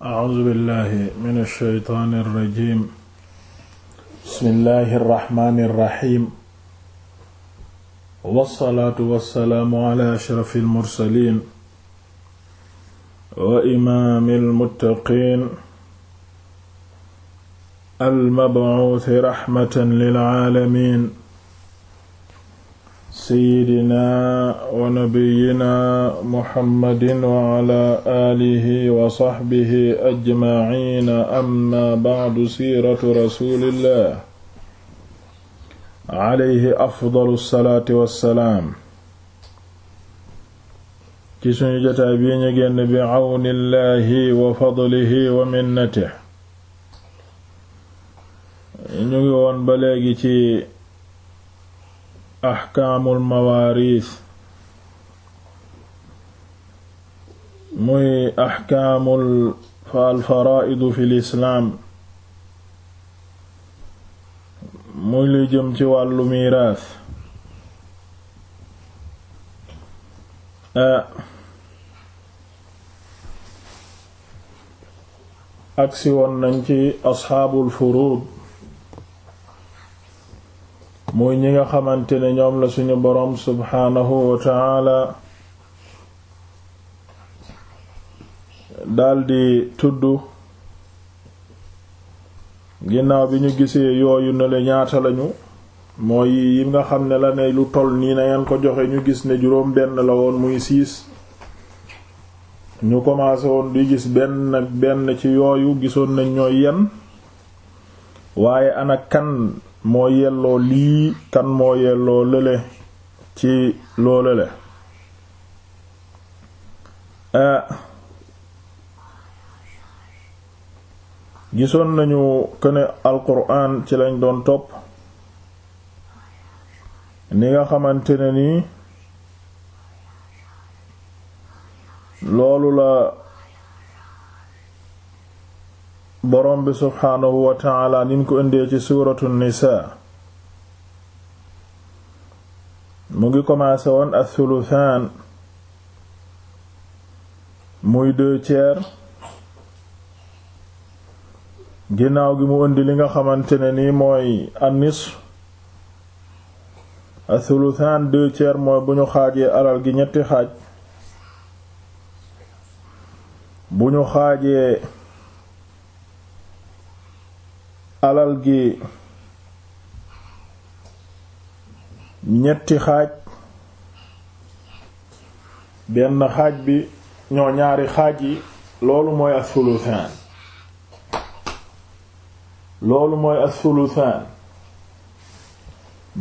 acuudu billahi min alsheytaani alrajim bismillahi arraxmaani irraxim wassalaatu wassalaamu ala ashrafi almursalin wa imaami almuttaqiin almabcuusi raxmatan lilcaalamin seydina wa nabiyina muhammadin wa ala aalihi wa saxbihi ajmaciina amma bacdu siiratu rasulillah alayhi afdalu salaati wassalaam ci suñu jotaay bii ñu génn bi cawni llahi wa fadlihi wa minnatihi ñu ngi woon ba léegi ci ahkaamul mawaariis muy ahkaamul alfaraa'idu fil islaam muy li jëm ci wàllu miiraas eh, agsi woon nañ ci asxaabul furuud muy ñi nga xamante ne ñoom la suñu boroom subhaanahu wa taala daldi tudd ginnaaw bi ñu gisee yooyu ne ñaata lañu mooy yi nga xam ne la ne lu toll nii na ngeen ko joxe ñu gis ne juróom benn la woon muy siis ñu commencé woon di gis benn benn ci yooyu gisoon nañ ñooy yen waaye ana kan moo yelloo lii kan moo yelloo lële ci loole le gisoon nañu këne alquran ci lañ doon topp ni nga xamante ne nii loolu la borom bi subxaanahu wa niñ ko indee ci suuratu nisaa mu ngi commencé woon as-sulusaan muy deux ginnaaw gi mu indi li nga xamante ne nii mooy an-nisf as-sulusaan mooy bu ñu xaajee alal gi ñetti xaaj bu ñu xaajee alal gi ñetti xaaj benn xaaj bi ñoo ñaari xaaj yi loolu mooy as-sulusaan loolu mooy as-sulusaan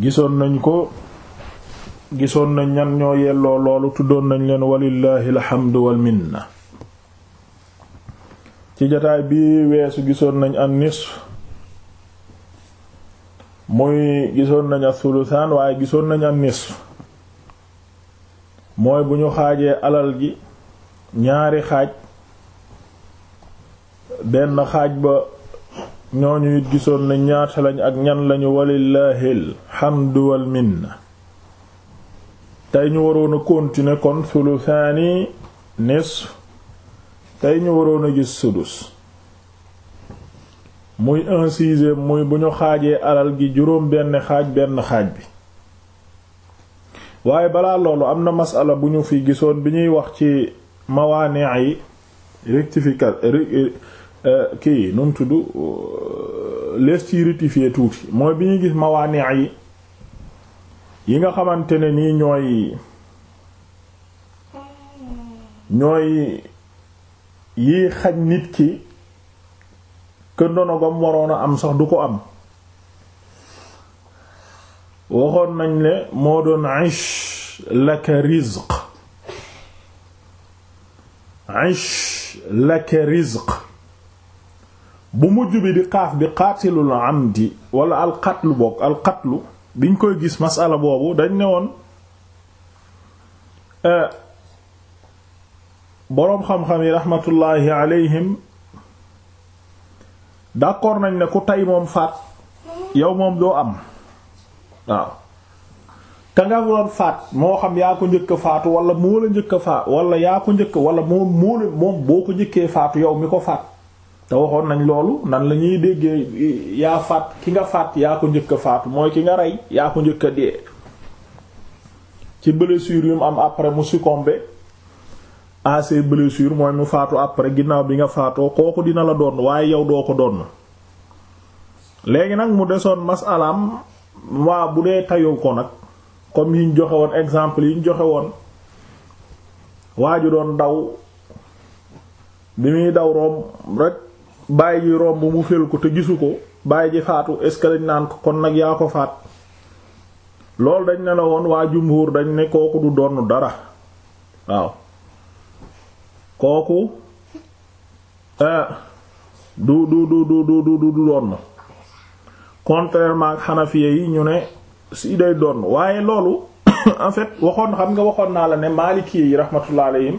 gisoon nañ ko gisoon nañ ñan ñoo yelloo loolu tuddoon nañ leen walillahi alhamdu wal minna ci jotaay bi weesu gisoon nañ an nisf muy gisoon nañu sulusaan waaye gisoon nañu nisf mooy bu ñu xaajee alal gi ñaari xaaj benn xaaj ba ñoo it gisoon na ñaata lañ ak ñan lañu walillahil hamdu wal minna tey ñu waroon a continuer kon sulusaani nisf tey ñu waroon a gis sudus muy un sixième muy bu ñu xaajee alal gi juróom benn xaaj benn xaaj bi waaye balaa loolu am na masala bu ñu fi gisoon bi ñuy wax ci mawaanee yi rectificatif euh, kii nu mu tudd euh, lees ci rectifier tuuti mooy bi ñu gis mawaanee yi yi nga xamante ne nii ñooy ñooy yiy xaj nit ki que ndono gam waroon a am sax du ko am waxoon nañ ne moo doon ish laka rizq ish laka rizq bu mujj bi di xaaf bi xaatilul amdi wala alxatlu bokk alxatlu biñ koy gis masala boobu dañ ne woon eh, boroom xam-xam yi raxmatullaahi alayhim d'accord nañ ne ku tey moom faat yow moom doo am waaw ka nga doon faat moo xam yaa ko njëkk faatu wala moo la njëkk faat wala yaa ko njëkk wala moom moo la moom boo ko njëkkee faatu yow mi ko faat te waxoon nañ loolu nan la ñuy déggee yaa faat ki nga faat yaa ko njëkk faatu mooy ki nga rey yaa ko njëkk a dee ci blessure yu mu am après mu succomber à ses blessures mooy mu faatu après ginnaaw bi nga faatoo kooku dina la doon waaye yow doo ko doon léegi nag mu desoon masalaam waa bu dee tayu ko nag comme yi ñu joxe woon exemple yi ñu joxe woon waa ju doon daw bi muy daw romb rek bàyyi ji romb mu fël ko te gisu ko bàyyi ji faatu est ce que dañ naan ko kon nag yaa ko faat loolu dañ ne la woon waa mbuur dañ ne kooku du doon dara waaw. kooku eh, du du du du du du du doon contrairement ak xanafiya yi ñu ne si day doon waaye loolu en fait waxoon xam nga waxoon naa la ne maaliki yi rahmatullah alayhim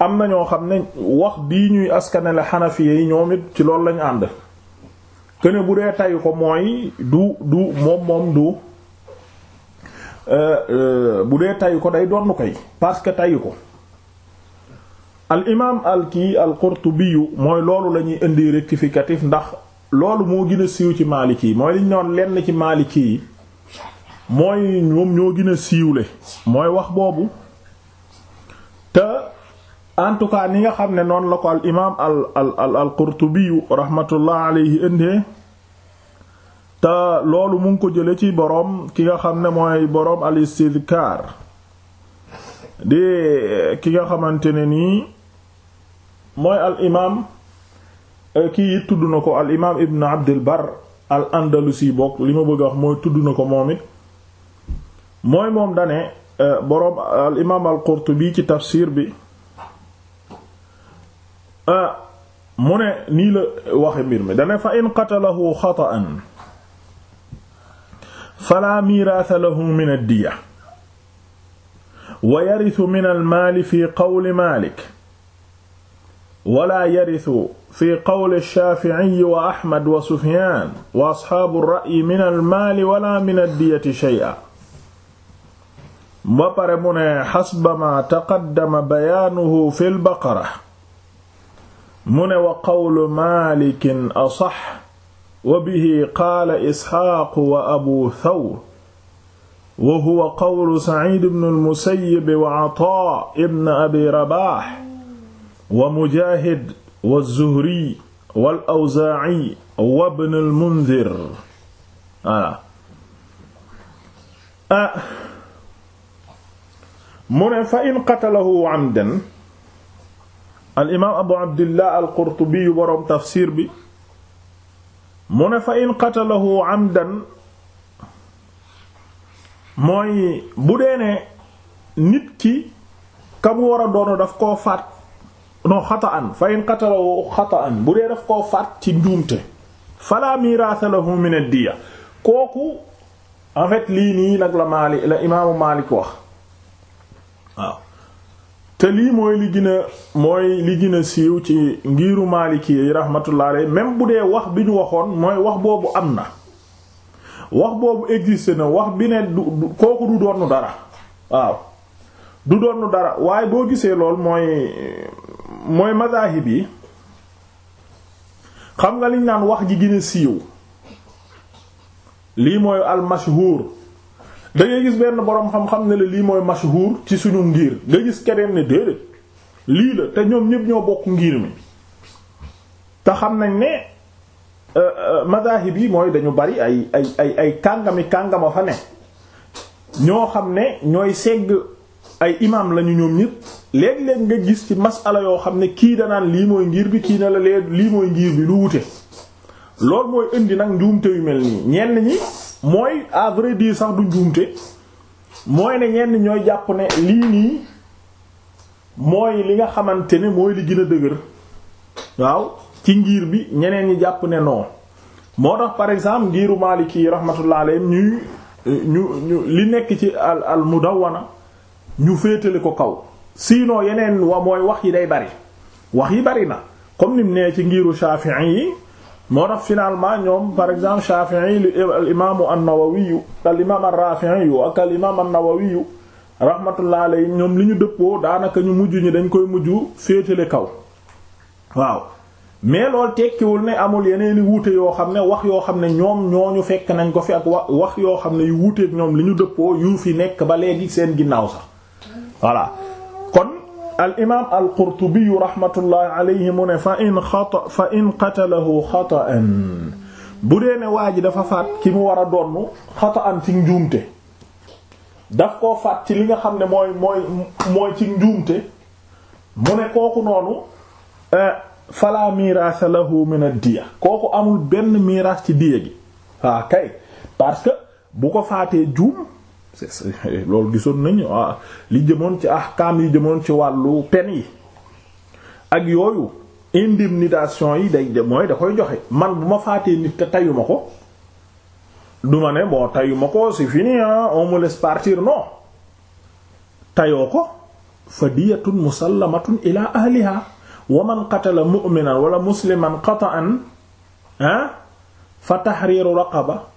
am na ñoo xam ne wax bii ñuy askanale xanafiya yi ñoom it ci loolu lañu ànd këne bu dee tayu ko mooy du du moom moom du eh, eh, bu dee tayu ko day doon koy parce que tayu ko al imaam al kii al Qurtubi mooy loolu la ñuy indi rectificatif ndax loolu moo gën a siiw ci Maliki yi mooy li ñu lenn ci Maliki ki mooy ñoom ñoo gën siiwle mooy wax boobu te en tout cas ni nga xam ne noon la ko al imaam al al al al Qurtubi rahmatullah alayhi indee loolu mu ngi ko jële ci boroom ki nga xam ne mooy boroom al istidkaar di ki nga xamante ne nii. mooy al euh, kii tudd na ko al imaam Ibn bokk li ma bëgg mooy tudd na ko moom it mooy moom dane euh, boroom al imaam ci tafsir bi euh, mu ne nii la waxe mbir mi dane fa in qatalahu fala miraasa lahu min ad-diya min al fi qawli Maalik wala yarisu fi qawli shaafi'i wa ahmad wa sufyaan wa asxaabu ra'yi min almaali wala min addiyati shay'a ba pare mu ne xasba ma taqaddama bayaanuhu fi lbaqara mu ne wa qawlu maalikin asax wa bihi qaala isxaaqu wa abu thawr wa huwa qawlu saciid ibn almusayyib wa cataa ibn abi rabaax wa Mujaahid wa Zuhri wal Awzaa'i wa Ibn al-Mundhir voilà ah mu ne fa in qatalahu amdan al imaam Abu Abdillah al-Qurtubi boroom tafsir bi mu ne fa in qatalahu amdan mooy bu dee ne nit ki ka mu war a doon daf koo faat. non xataan fa in xataan bu dee daf koo faat ci njuumte fala miraasa la min ad-diya kooku en lii nii nag la Maalik la imaamu Maalik wax waaw te lii mooy li mooy li siiw ci ngiiru Maalik yi rahmatullah alayhi bu dee wax bi ñu waxoon mooy wax boobu am na wax boobu existe na wax bi ne du kooku du doonu dara waaw du doonu dara waaye boo gisee lool mooy mooy mazahib yi xam nga liñ naan wax ji gën a siiw lii mooy al mashhur da ngay gis benn boroom xam-xam ne lii mooy mashhur ci suñu ngiir nga gis keneen ne déedéet lii la te ñoom ñépp ñoo bokk ngir mi te xam nañ ne euh, euh, mazahib yi mooy dañu bari ay ay kàngami kàngama fa ne ñoo xam ne ñooy segg ay imam lañu ñoom ñépp léeg-léeg nga gis ci masala yoo xam ne kii danaan lii mooy ngir bi kii na la lee lii mooy ngir lu wute loolu mooy indi nag njuumte yu mel nii ñenn ñi mooy à vrai sax du njuumte mooy ne ñenn ñooy jàpp ne lii nii mooy li nga xamante ne mooy li gën a dëgër waaw ci ngiir bi ñeneen ñi jàpp ne non moo tax par exemple ngiru Maliki rahmatullah alayhi ñuy ñu ñu li nekk ci al al mudawwana ñu féetale ko kaw sinon yeneen wa mooy wax yi day bari wax yi bari na comme ni nee ci ngiru Shafi'i yi moo tax finalement ñoom par exemple Shafi'i li al imaamu an-Nawawi al imaam ar-Rafi'i ak al imaam an-Nawawi rahmatullah alayhi ñoom li ñu dëppoo daanaka ñu mujj ñi dañ koy mujj féetale kaw waaw mais loolu tekkiwul ne amul yeneen i wuute yoo xam ne wax yoo xam ne ñoom ñu fekk nañ ko fi ak wa wax yoo xam ne yu wuuteeg ñoom li ñu dëppoo yu fi nekk ba léegi seen ginnaaw sax al imaam al qurtubi rahmatullahi mu ne fa in xata fa in ne waa ji dafa faat ki mu war a donn xata'an ci njuumte daf koo faat ci li nga xam ne mooy mooy ci njuumte mu ne kooku noonu eh, fala miraasa lahu min ad-diya kooku amul benn miraas ci diya gi waa ah, kay parce que bu ko faatee juum loolu gisoon nañu ah, li jëmoon ci ahkaam yi jëmoon ci wàllu pen yi ak yooyu indemnisation yi day mooy da koy joxe man bu ma faatee nit te tayuma ko duma ne bon tayuma ko c'est fini hein on me laisse partir non tayoo ko fa diyatun musallamatun ila ahliha wa qatala mu'minan wala musliman qata'an fa tahriru raqaba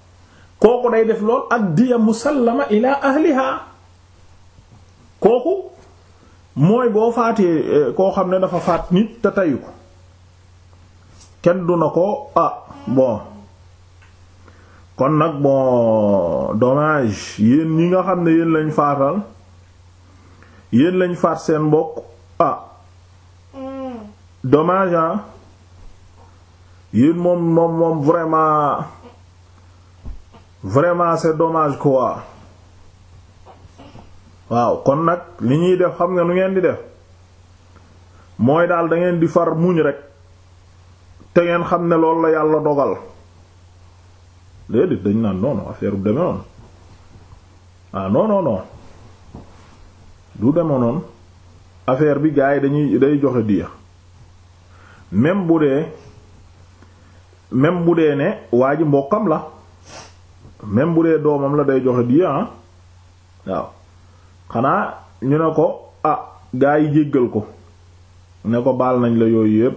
kooku day def lool ak diya musallama ila ahliha kooku mooy boo faatee eh, koo xam ne dafa faat nit te tayu ko kenn du na ko ah bon kon nag bon dommage yéen ñi nga xam ne yéen lañ faatal yéen lañ faat seen mbokk ah mm. dommage ah yéen moom moom moom vraiment vraiment c'est dommage quoi waaw kon nag li ñuy def xam nga nu ngeen di def mooy daal da ngeen di far muñ rek te ngeen xam ne lool la yàlla dogal déedéet dañ naan non non affaire bu demee noonu ah non du demee noonu affaire bi gars yi dañuy day joxe diya même bu dee même bu dee ne waa ji mbokkam la. même bu dee doomam la day joxe di ah waaw xanaa ñu ne ko ah gaa yi jéggal ko ne ko baal nañ la yooyu yépp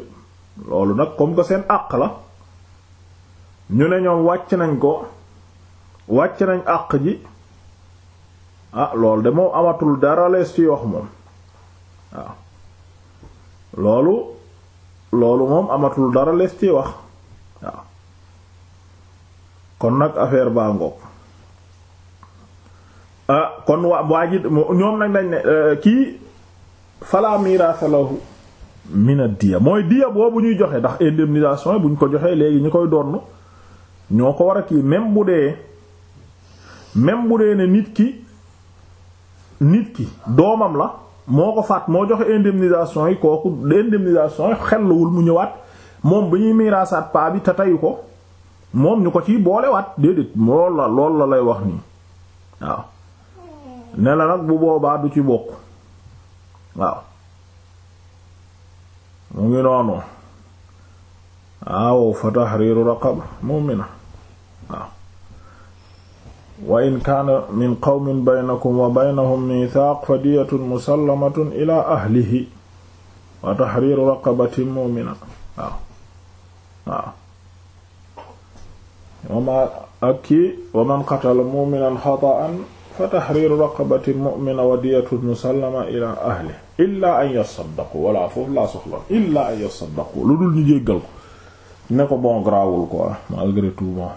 loolu nag comme que seen àq la ñu ne ñoom wàcc nañ ko wàcc nañ àq ji ah loolu de moom amatul dara lees ci wax moom waaw loolu loolu moom amatul dara lees ci wax waaw kon nag affaire baa ngoog ah, kon waa waa ji ñoom nag dañ ne eh, kii fala miraasa lahu mina diya mooy diya boobu ñuy joxe ndax indemnisation bu ñu ko joxee léegi ñu koy donn ñoo ko war a kii même bu dee même bu dee ne nit ki nit ki doomam la moo ko faat moo joxe indemnisation yi kooku indemnisation yi xelluwul mu ñëwaat moom bi ñuy miraasaat paa bi te teyu ko moom ñu ko ciy boolewaat déedéet lool la lay wax nii waaw ne la bu boobaa du ci bokk waaw mu ngi noonu waaw fa tahriru raqaba mu'mina waaw wa kaana min qawmin baynakum wa baynahum mithaaq fa diyatun musallamatun ila ahlihi waaw wama ak kii wa man qatala muminan xataan fa tahriru raqabati mumina wa diyatun ila ahli illa an yasaddaqu wala foofu laa soxla illa an yasaddaqu lu dul ñu jéggal ko ne ko bon grawul quoi malgré tout bon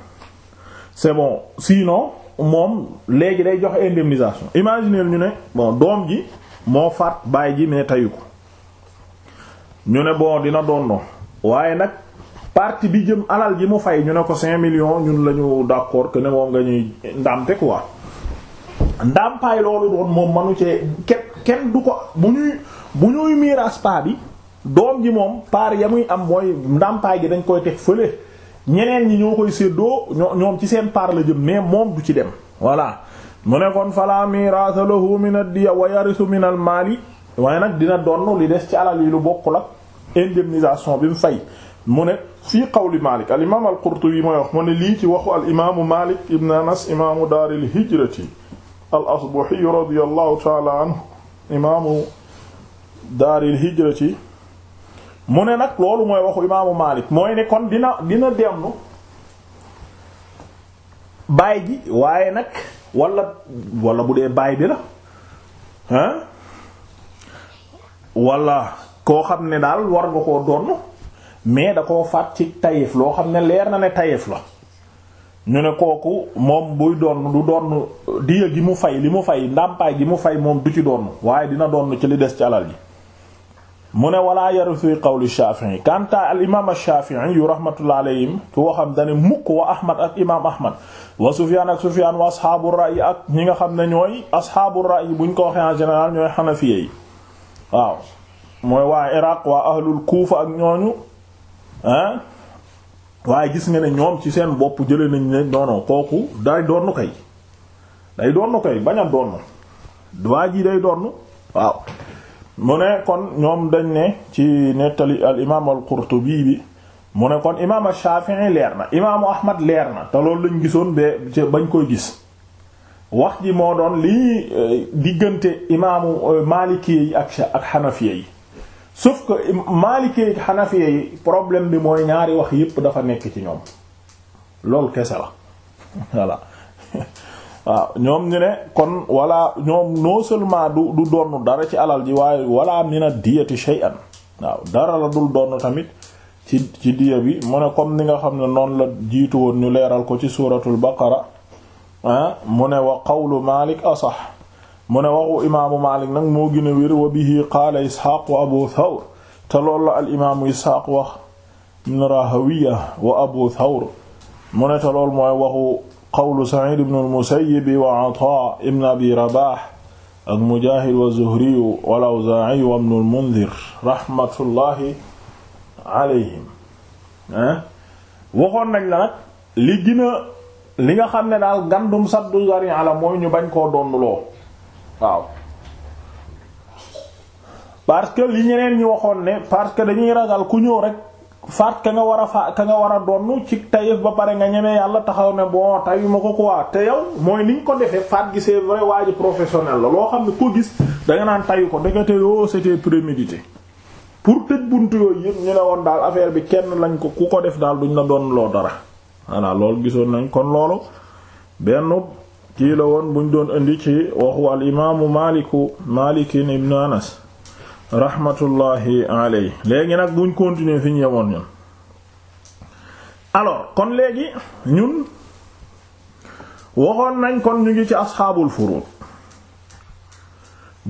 c'est bon sinon moom léegi day jox indemnisation imaginez ñu ne bon doom ji moo faat baay ji mais tayu ko ñu ne bon dina doon waaye nag partie bi jëm alal ji mu fay ñu ne ko cinq millions ñun la ñu d'accord que ne moom nga ñuy ndamte quoi ndampaay loolu doon moom manu cee kenn kenn du ko bu ñuy bu ñuy miiras pa bi doom ji moom paar ya muy am mooy ndampaay gi dañ koy teg fële ñeneen ñi ñoo koy séddoo ñoom ci seen paar la jëm mais moom du ci dem voilà mu ne kon fala miraasa lahu min ad-diya wa waaye nag dina donn li des ci alal yi lu bokk la indemnisation bi mu fay mu ne fii qawli Malik al imaam mooy wax mu ne lii ci waxu al Malik ibn Anas imaamu daaril hijrati al asbahi radiyallahu ta'ala anhu imaamu daaril hijrati mu ne nag loolu mooy waxu imaamu Malik mooy ne kon dina dina demnu baay ji waaye nag wala bu dee baay bi la ah wala koo xam ne daal war nga koo donn mais da koo faat ci tayef loo xam ne leer na ne tayef la ñu ne kooku moom buy doon du doon diya gi mu fay li mu fay ndàmpaay gi mu fay moom du ci doon waaye dina doon ci li des ci alal ji mu ne walaa yarusuy qawli shafii kanta al imam shafii yu rahmatullah alayhim ci waxam dane mukk wa ahmad ak imam ahmad wa sufyaan ak sufyaan wa asxaabu rayi ak ñi nga xam ne ñooy asxaabu rayi buñ ko waxee en général ñooy xanafiye yi waaw mooy ak ñooñu ah waaye gis nga ne ñoom ci seen bopp jële nañ ne non kooku day doon kay day doon kay bañ a doon waa ji day doon waaw mu ne kon ñoom dañ ne ci nettali al imaam al Qurtubi bi mu ne kon imaam al leer na imaamu Ahmad leer na te loolu lañ gisoon ba bañ koy gis. wax ji moo doon lii eh, diggante imaamu eh, Maliki yi ak ak yi. sauf que maalikee xanafee yi problème bi mooy ñaari wax yépp dafa nekk ci ñoom loolu kese la voilà waaw ñoom ñu ne kon wala ñoom non seulement du du donn dara ci alal ji waaye wala ni na diyati shay'an waaw dara la dul donn tamit ci ci diya bi mu ne comme ni nga xam ne noonu la jiitu woon ñu leeral ko ci suuratul baqara ah, mu ne wa qawlu Maalik asax mu ne waxu imaamu Maalik nag moo gën a wér wa bihi qaala Isxaaq wa Abu Thawr te loolu la al imaamu Isxaaq wax ibn Rahawiya wa Abu Thawr mu ne te loolu mooy waxu qawlu Saciid ibn al-Musayyib wa Ataa ibn Abi Rabaax ak Mujaahid wa Zuhri wal Awzaaci wa ibn al-Munzir raxmatullaahi alayhim eh? waxoon nañ la nag li gën a li nga xam ne daal gandum saddu zari'a la mooy ñu bañ koo donnloo waaw parce que li ñeneen ñi waxoon ne parce que dañuy ragal ku ñëw rek faat ka nga war a faat ka nga war a donn ci tayef ba pare nga ñemee yàlla taxaw ne bon tayu ma ko quoi te yow mooy niñ ko defee faat gi c'est waa ji professionnel la loo xam ne ko gis danga naan tayu ko ndekete yoo oh, c'était prémédité pour tëj bunt yooyu ñu ne woon daal affaire bi kenn lañ ko ku ko def daal duñ la doon loo dara voilà loolu gisoon nañ kon loolu benn kii la woon buñ doon indi ci waxu al maliku maaliku maalikin ibnu anas rahmatullahi aley léegi nag buñ continuer fi ñu yemoon ñun alors kon léegi ñun waxoon nañ kon ñu ngi ci asxaabul furuud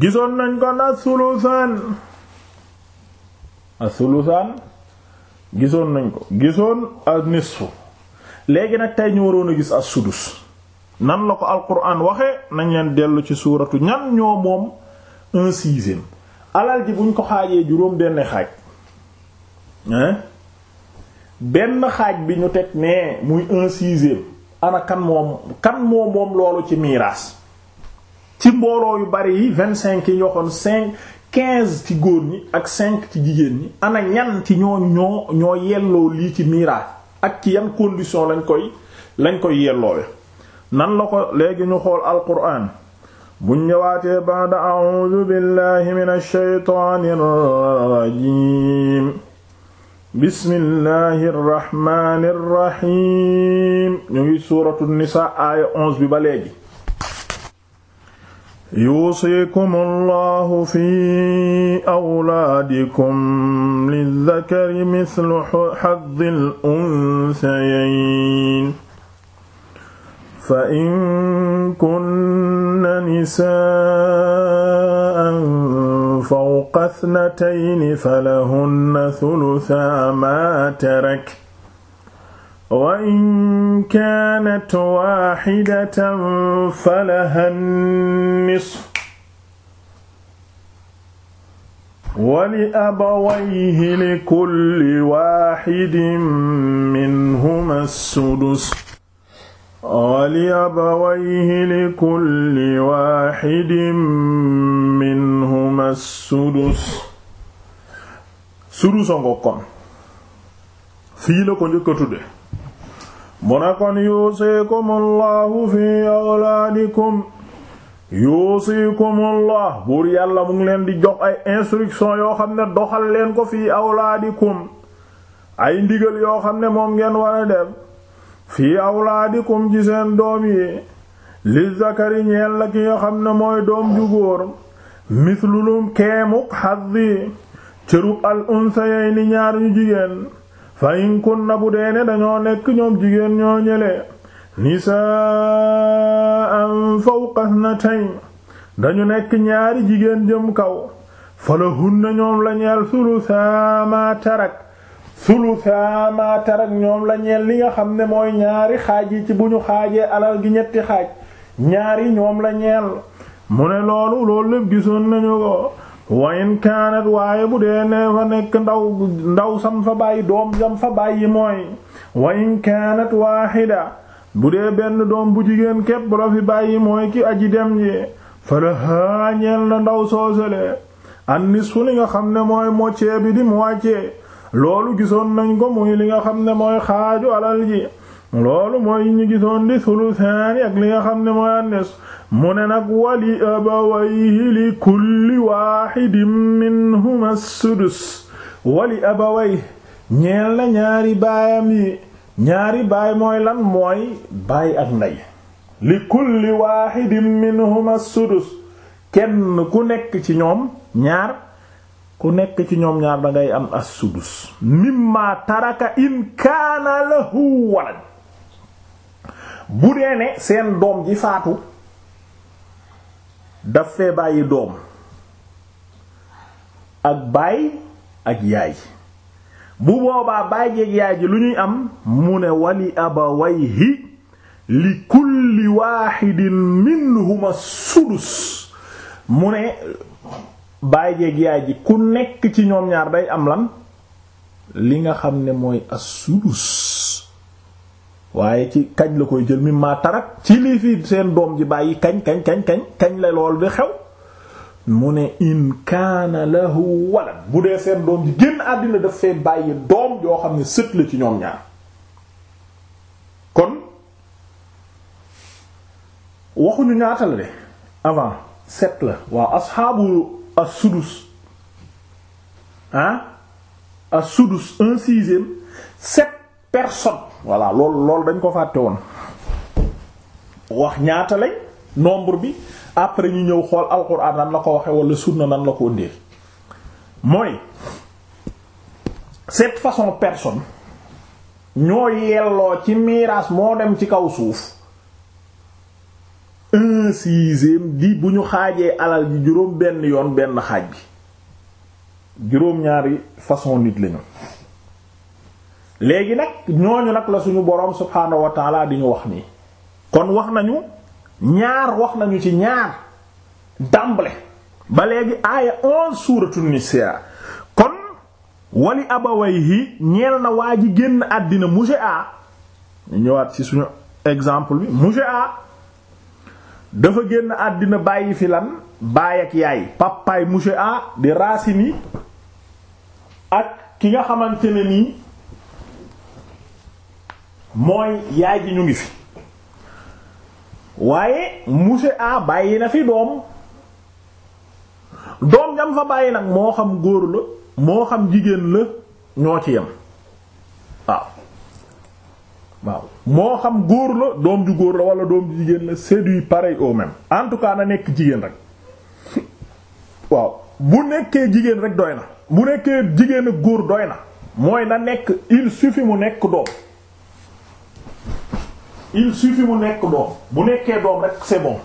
gisoon nañ kon as-sulusaan as-sulusaan gisoon nañ ko gisoon an-nisfu léegi nag tey ñu waroon a gis as-sudus nan la ko alquran waxee nañ leen dellu ci suuratu ñan ñoo moom un sixième alal ji buñ ko xaajee juróom benn xaaj benn xaaj bi ñu teg ne muy un sixième ana kan moom kan moo moom loolu ci miiraas ci mbooloo yu bari yi vingt cinq yi yoxoon cinq ci góor ñi ak cinq ci jigéen ñi ana ñan ci ñoo ñoo ñoo yelloo lii ci miiraas ak ci yan condition lañ koy lañ koy yelloowe nan la ko léegi ñu xool alquraan buñ ñëwaatee baada a'uudu billahi minash shaytaanir rajiim bismillahir rahmaanir rahiim ñu ngi suuratu nisaa aaya 11 bi ba léegi yuusikum allahu fi awlaadikum lizzakari mithlu hazzil unsayayn fa in kunna nisaa'an fawqa ithnatayni falahunna thuluthaa maa tarak wa in kaanat waahidatan falahaa nisfu wa li-abawayhi likulli waahidin minhumaa as-sudus wali abawayhi likulli waaxidin minhuma sudus sudusa ngo kon fii la ko njëkk a tudde mu ne kon yuusikum allahu fi awlaadikum yuusikum allah buur yàlla mu ngi leen di jox ay instruction yoo xam ne doxal leen ko fi awlaadikum ay ndigal yoo xam ne moom ngeen war def fii awlaadikum ci doom yi li zakari ñeel la ki nga xam mooy doom ju góor mislulum keemuk xaddi cërub al unsayay ni ñaar ñu jigéen fa in kunna bu deene dañoo nekk ñoom jigéen ñoo ñële nisaa'an fawqa thnatayn dañu nekk ñaari jigéen jëm kaw fa lahunna ñoom la ñeel sulusaa ma tarak sulusa ma tarak ñoom la ñeel li nga xam ne mooy ñaari xaaj yi ci bu ñu xaajee alal gi ñetti xaaj ñaari ñoom la ñeel mu ne loolu loolu lépp gisoon nañu ko wayen kaanat waaye bu dee ne fa nekk ndaw ndaw sam fa bàyyi doom sam fa bàyyi mooy wayen kaanat waaxida bu dee benn doom bu jigéen képp la fi bàyyi mooy ki aji dem ji fala haa ñeel na ndaw soosale an nisfu li nga xam ne mooy moitié bi di moitié loolu gisoon nañ ko muy li nga xam ne mooy xaaju alal ji loolu mooy ñu gisoon di sulusaani ak li nga xam ne mooy annes mu ne nag wali abawayhi li kulli waaxidin minhuma sudus wali abawayhi ñeel na ñaari baayam yi ñaari baay mooy lan mooy baay ak ndey li kulli waaxidin minhuma sudus kenn ku nekk ci ñoom ñaar ku nekk ci ñoom ñaar da ngay am as-sudus mimma taraka in kaana lahu walad bu dee ne seen doom ji faatu daf fee bàyyi doom ak baay ak yaay bu boobaa baay jeeg yaay ji lu ñuy am mu ne wali abawayhi li kulli waaxidin minhuma sudus mu ne baay jeeg yaay ji ku nekk ci ñoom ñaar day am lan li nga xam ne mooy as-sulus waaye ci kañ la koy jël mimma tarak ci lii fi seen doom ji bàyyi kañ kañ kañ kañ kañ la lool di xew mu ne in kaana lahu walla bu dee seen doom ji génn àddina daf fee bàyyi doom yoo xam ne sët la ci ñoom ñaar kon waxuñu ñaata la asxaabu as-sudus ah as-sudus un sixième sept personnes voilà loolu loolu dañ ko fàtte woon wax ñaata lañ nombre bi après ñu ñëw xool alxuraan nan la ko waxe wala sunna nan la ko ndee mooy cette façon personne ñoo yelloo ci miraas moo dem ci kaw suuf un sixième di bu ñu xaajee alal bi juróom benn yoon benn xaaj bi juróom-ñaari façon nit lañu léegi nag ñooñu nag la suñu boroom subhaanahu wa diñu wax nii kon wax nañu ñaar wax nañu ci ñaar d'emblée ba léegi aaya onze suuratu nisaa kon wali abawayhi ñeel na waa ji génn àddina monsieur a ñu ñëwaat ci suñu exemple bi monsieur a dafa génn àddina bàyyi fi lan baay ak yaay papaay monsieur A di Racine ak ki nga xamante ne nii mooy yaay ji ñu ngi fi waaye monsieur bàyyi na fi doom doom jam fa bàyyi nag moo xam góor la moo xam jigéen la ñoo ci yem waaw moo xam góor la doom ju góor la wala doom jigéen la c'est du pareil au même en tout cas na nekk jigéen rek waaw bu nekkee jigéen rek doy na bu nekkee jigéen ak góor doy na mooy na nekk il suffit mu nekk doom il suffit mu nekk doom bu nekkee doom rek c'est bon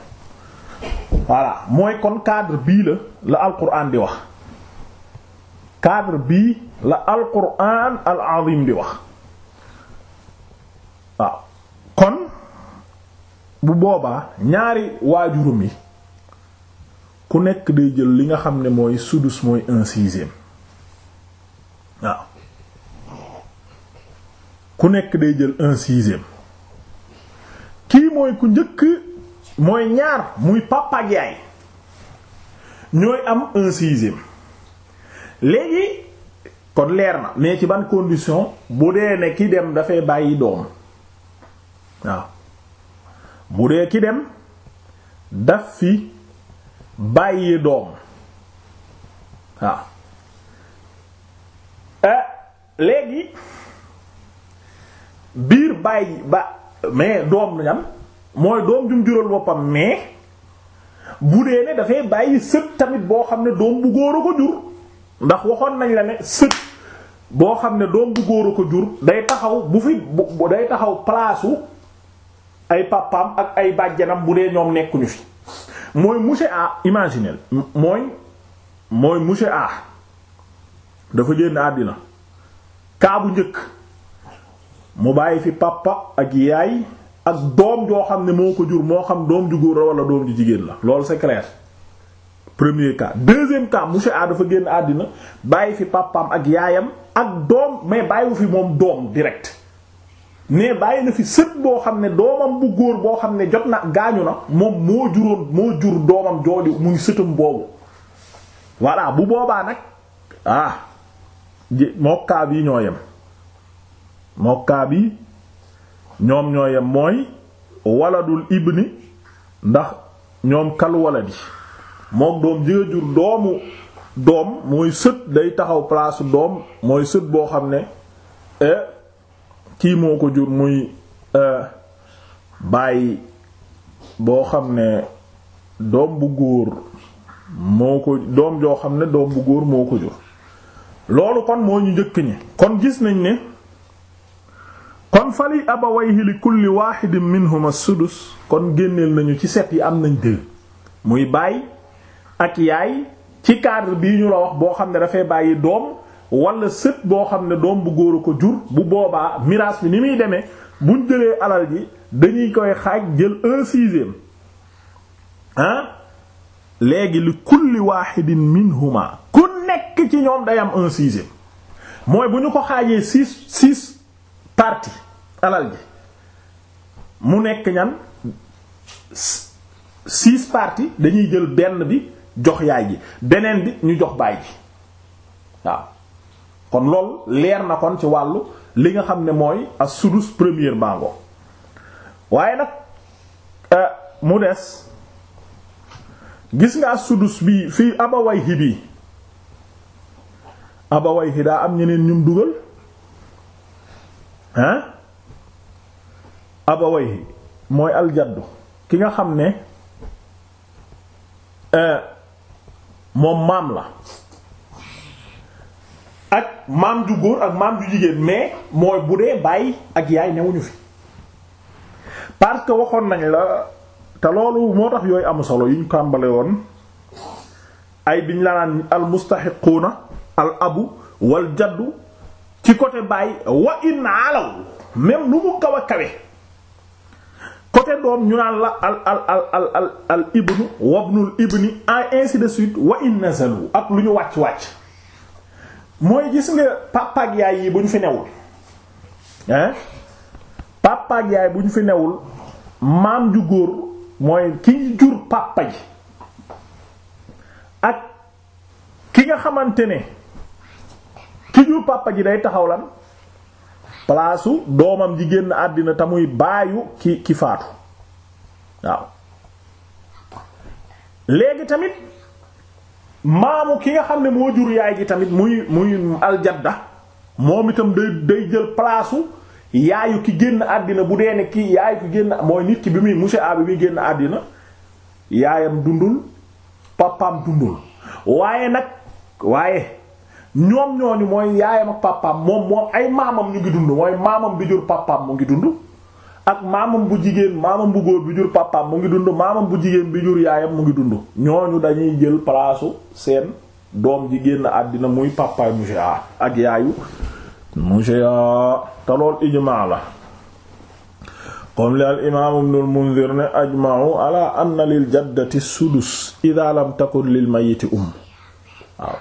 mooy kon cadre bii la la alquran di wax cadre bii la alquran al azim di wax waaw kon bu boobaa ñaari waajurum yi ku nekk day jël li nga xam ne mooy sudus mooy un sixième waaw ku nekk day jël un sixième kii mooy ku njëkk mooy ñaar muy papa yaay ñooy am un sixième léegi kon leer na mais ci ban condition bu dee ne ki dem dafay bàyyi doom waaw bu dee ki dem daf fi bàyyi doom waaw eh, léegi biir bàyyi ba mais doom ñam mooy doom jum jural boppam mais bu dee ne dafay bàyyi sët tamit boo xam ne doom bu góor a ko jur ndax waxoon nañ la ne sët boo xam ne doom bu góor a ko jur day taxaw bu fi bu day taxaw palaasu ay papaam ak ay bàjjanam bu dee ñoom nekkuñu fi mooy monsieur A imaginez mooy mooy monsieur A dafa génn àddina kaa bu njëkk mu bàyyi fi papa ak yaay ak doom joo xam ne moo ko jur moo xam doom ju góor la wala doom ju jigéen la loolu c'est premier cas deuxième cas monsieur A dafa génn àddina bàyyi fi papaam ak yaayam ak doom mais bàyyiwu fi moom doom direct mais bàyyi na fi sët boo xam ne doomam bu góor boo xam ne jot na gaañu na moom moo juróon moo jur doomam jooju muy sëtam boobu voilà bu boobaa nag ah mokkaab yi ñoo yem mokkaab yi mooy waladul ibni ndax ñoom kal waladi doom jëga jur doomu doom mooy sët day taxaw place doom mooy sët boo xam ne eh, kii moo ko jur muy euh, baay boo xam ne doom bu góor moo ko doom joo xam ne doom bu góor moo ko jur loolu kon moo ñu njëkk ñi kon gis nañ ne kon fali abawayhi li kulli wahidin minhuma sudus kon génneel nañu ci set yi am nañ deux muy baay ak yaay ci cadre bii ñu la wax boo xam ne dafay bàyyi doom walla sët boo xam ne doom bu góor a ko jur bu boobaa miraas bi ni muy demee buñ jëlee alal ji dañuy koy xaaj jël un sixième ah léegi li kulli wahidin minhuma ku nekk ci ñoom dayam un sixième mooy bu ñu ko xaajee six six parties alal ji mu nekk ñan six parties dañuy jël benn bi jox yaay ji beneen bi ñu jox baay ji waaw kon loolu leer na kon ci wàllu li nga xam ne mooy as-sudus première bango waaye nag euh, mu des gis nga as-sudus bi fii Abawayhi bi Abawayhi daa am ñeneen ñum dugal hein Abawayhi mooy aljaddu ki nga xam ne euh, moom maam la ak maam ju góor ak maam ju jigéen mais mooy bu dee bàyyi ak yaay newuñu fi parce que waxoon nañ la te loolu moo tax yooyu amu solo yiñ kàmbale woon ay biñ la naan al mustaxiquuna al abu wal jaddu ci côté bàyyi wa in alaw même lu mu kaw a kawe côté doom ñu naan la al al al al al al ibnu wabnul ibni ainsi de suite wa in nazalu ak lu ñu wàcc wàcc mooy gis nga papa yaay yi bu ñu fi newul hein yaay bu ñu fi newul maam ju góor mooy ki jur pàppa ji ak ki nga xamante ne ki jur papa ji day taxaw lan palaasu doomam ji génn àddina te baayu ki ki faatu waaw léegi tamit maamu ki nga xam ne moo jur yaay ji tamit muy muy aljadda moom itam day day jël place yaayu ki génn àddina bu dee ne ki yaayu ki génn mooy nit ki bi muy monsieur A bi génn àddina yaayam dundul papaam dundul waaye nag waaye ñoom ñooñu mooy yaayam ak papaam moom moom ay maamam ñu ngi dund mooy maamam bi jur papaam mu ngi dund ak maamam bu jigéen maamam bu góor bi jur papaam mu ngi dund maamam bu jigéen bi jur yaayam mu ngi dund ñooñu dañuy jël palaasu seen doom ji génn àddina muy papaay monsieur A ak yaayu monsieur A te lool la comme li al imaam ibn al munzir ne ajma'u ala anna lil jaddati sudus idha lam takun lil mayyiti um waaw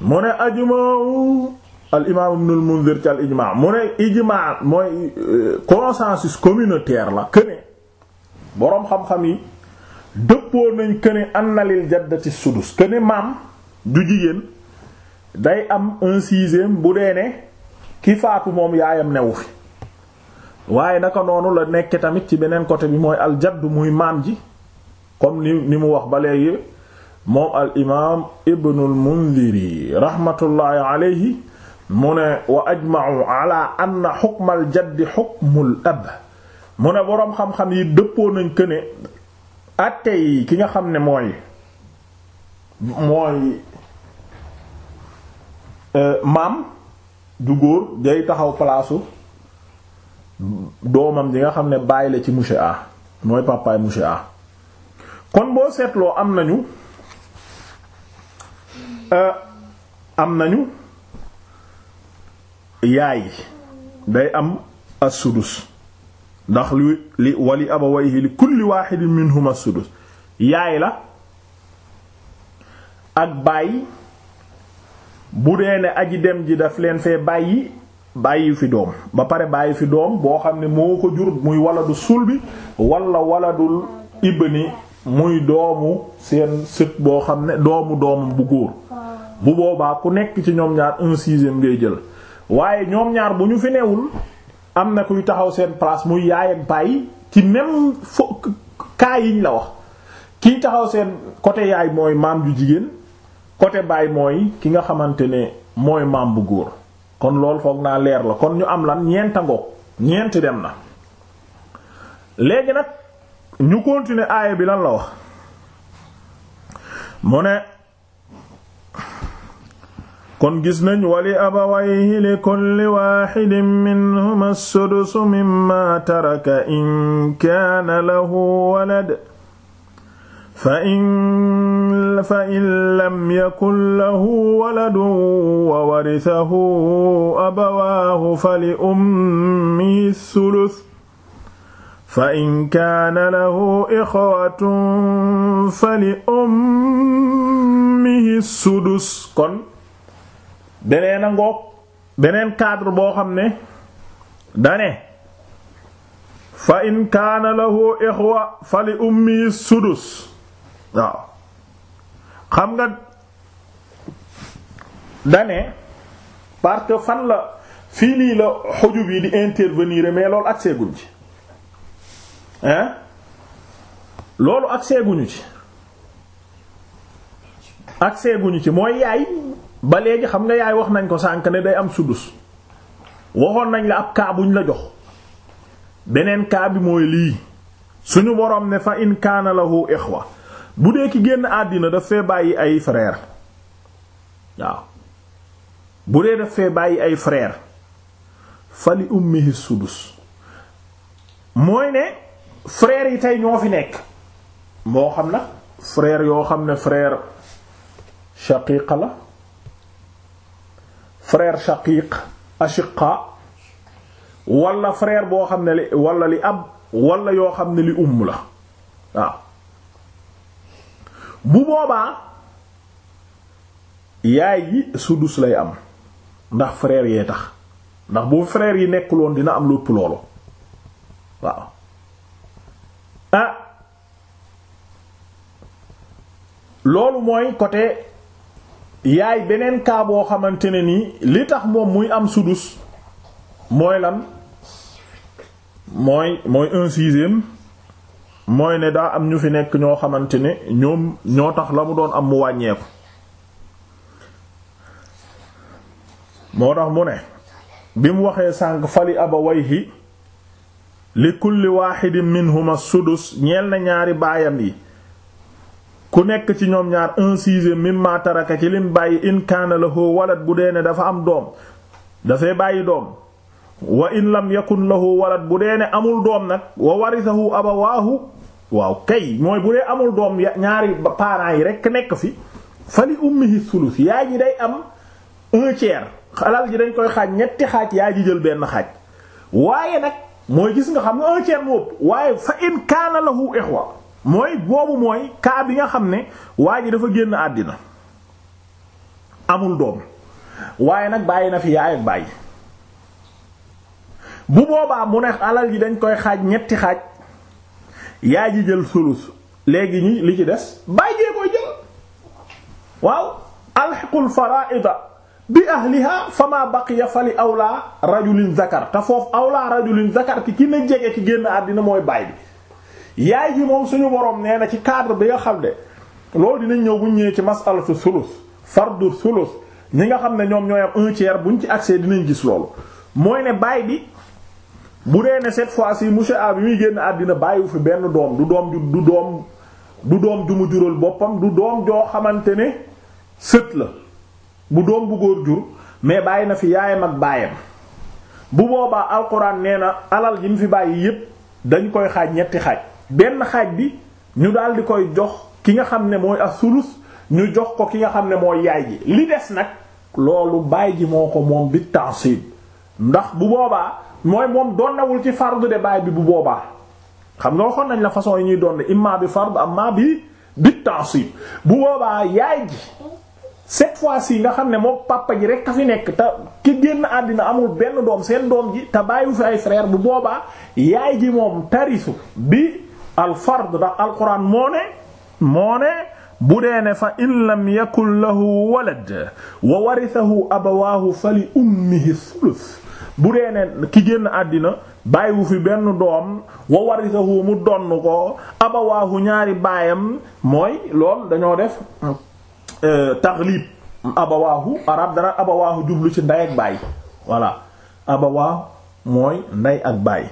mu ne ajma'u al imaam ibnul Munzir ci al ijmaa mu ne ijmaa mooy euh, consensus communautaire la këne boroom xam-xam yi dëppoo nañ këne anna lil jaddati sudus këne maam du jigéen day am un sixième bu dee ne ki faatu moom yaayam newu fi waaye naka noonu la nekke tamit ci beneen côté bi mooy al jaddu muy maam ji comme ni ni mu wax ba léegi moom al imaam ibnul Munziri rahmatullahi alayhi mu ne wa ajma'u ala anna xukmal jaddi xukmul ab mu ne boroom xam-xam yi dëppoo nañ que ne yi ki nga xam ne mooy mooy euh, maam du góor day taxaw palaasu doomam ji nga xam ne bàyyi la ci monsieur A mooy papaay kon boo seetloo am nañu euh, am nañu yaay day am as-sudus ndax li li wali abawayhi li kulli waaxidin minhum as-sudus yaay la ak bàyyi bu dee ne aji dem ji daf leen fee bàyyi bàyyi fi doom ba pare bàyyi fi doom boo xam ne moo ko jur muy waladu sulbi walla waladul ibni muy doomu seen sët boo xam ne doomu doomam bu góor bu boobaa ku nekk ci ñoom ñaar un sixième ngay jël waaye ñoom ñaar bu ñu fi newul am na kuy taxaw seen place muy yaay ak baay ci même fo kaa yiñ la wax kiy taxaw seen côté yaay mooy maam bu jigéen côté baay mooy ki nga xamante ne mooy maam bu góor kon loolu foog naa leer la kon ñu am lan ñeenta ngoog ñeenti dem na léegi nag ñu continuer aaya bi lan la wax kon gis nañ wali abawayhi li kulli waaxidin minhuma sudusu mimma taraka in kaana lahu walad fa in fa in lam yakun lahu waladun wa warisahu abawaahu fali ummihi sulus fa in kaana lahu ixwatun fali ummihi sudus kon beneen a ngoog beneen cadre boo xam ne dane fa in kaana lahu ixwa fa li ummi sudus waaw xam nga dane parce que fan la fii nii la xujub yi di intervenir mais loolu ak seeguñ ci hein loolu ak seeguñu ci ak seeguñu ci mooy yaay ba léegi xam nga yaay wax nañ ko sànk ne day am sudus waxoon nañ la ab kaa la jox beneen kaa bi mooy lii suñu boroom ne fa in kaana lahu ixwa bu dee ki génn àddina daf bàyyi ay frère waaw bu dee daf bàyyi ay freer fa li ummihi sudus mooy ne frère yi tey ñoo fi nekk moo xam nag frère yoo xam ne frère shaqiqa la frère shaqiq ashiqa wala frère boo xam ne li wala li ab wala yoo xam ne li umm la waaw bu boobaa yaay yi sudus lay am ndax frère yee tax ndax bu frère yi nekkuloon dina am lu ëpp loolu waaw ah loolu mooy côté yaay beneen kaaboo boo xamante ne nii li tax moom muy am sudus mooy lan mooy mooy un mooy ne daa am ñu fi nekk ñoo xamante ne ñoom ñoo tax la mu doon am mu wàññeeku moo tax mu ne bi mu waxee sànq fali abawayhi li kulli waaxidin minhuma sudus ñeel na ñaari baayam yi ku nekk ci ñoom ñaar un sixième mimma taraka ci lim bàyyi in kaana lahu walad bu dee ne dafa am doom dafay bàyyi doom wa in lam yakun lahu walad bu dee ne amul doom nag wa warisahu abawaahu waaw kay mooy bu dee amul doom ñaari parents yi rekk nekk fi fa li ummihi sulus yaay ji day am un tiers alal ji dañ koy xaaj ñetti xaaj yaay ji jël benn xaaj waaye nag mooy gis nga xam nga un tiers mu ëpp waaye fa in kaana lahu ixwa mooy boobu mooy kaa bi nga xam ne waa ji dafa génn àddina amul doom waaye nag bàyyi na fi yaay ak bàyyi bu boobaa mu ne alal ji dañ koy xaaj ñetti xaaj yaay ji jël sulus léegi ñi li ci des bàyyi jee koy jël waaw alxiqul faraida bi ahliha fama baqiya fali awlaa rajulin zakar te foofu awlaa rajulin zakar ki ki na jege ci génn àddina mooy baay bi yaay ji moom suñu borom nee na ci cadre bi nga xam de loolu dinañ ñëw buñ ñëwee ci masalatu sulus fardu sulus ñi nga xam ne ñoom ñooy am buñ ci accès dinañ gis loolu mooy ne baay bi bu dee ne set fois-ci monsieur A bi muy génn àddina wu fi benn doom du doom ju du doom du doom ju mu jural boppam du doom joo xamante ne sët la bu doom bu góor jur mais bàyyi na fi yaayam ak baayam bu boobaa alxuraan nee na alal ji mu fi bàyyi yépp dañ koy xaaj ñetti xaaj benn xaaj bi ñu daal di koy jox ki nga xam ne mooy asulus ñu jox ko ki nga xam ne mooy yaay ji li des nag loolu baay ji moo ko moom bi tansib ndax bu boobaa mooy moom donnawul ci fardu de baay bi bu boobaa xam nga waxoon nañ la façon yi ñuy donne imma bi fard amma bi bi tansib bu boobaa yaay ji set fois-ci nga xam ne moom papa ji rek a fi nekk te ki génn àddina amul benn doom seen doom ji te bàyyiwu fi ay frère bu boobaa yaay ji moom tarisu bi al fard ndax alquran moo ne moo ne bu dee ne fa in lam yakun lahu walad wa abawaahu fa li ummihi thuluth bu dee ne ki génn àddina bàyyiwu fi benn doom wa warisahu mu donn ko abawaahu ñaari baayam mooy lool dañoo def euh, taxlib abawaahu arab dana abawaahu jublu ci ndey ak baay voilà abawaahu mooy ndey ak baay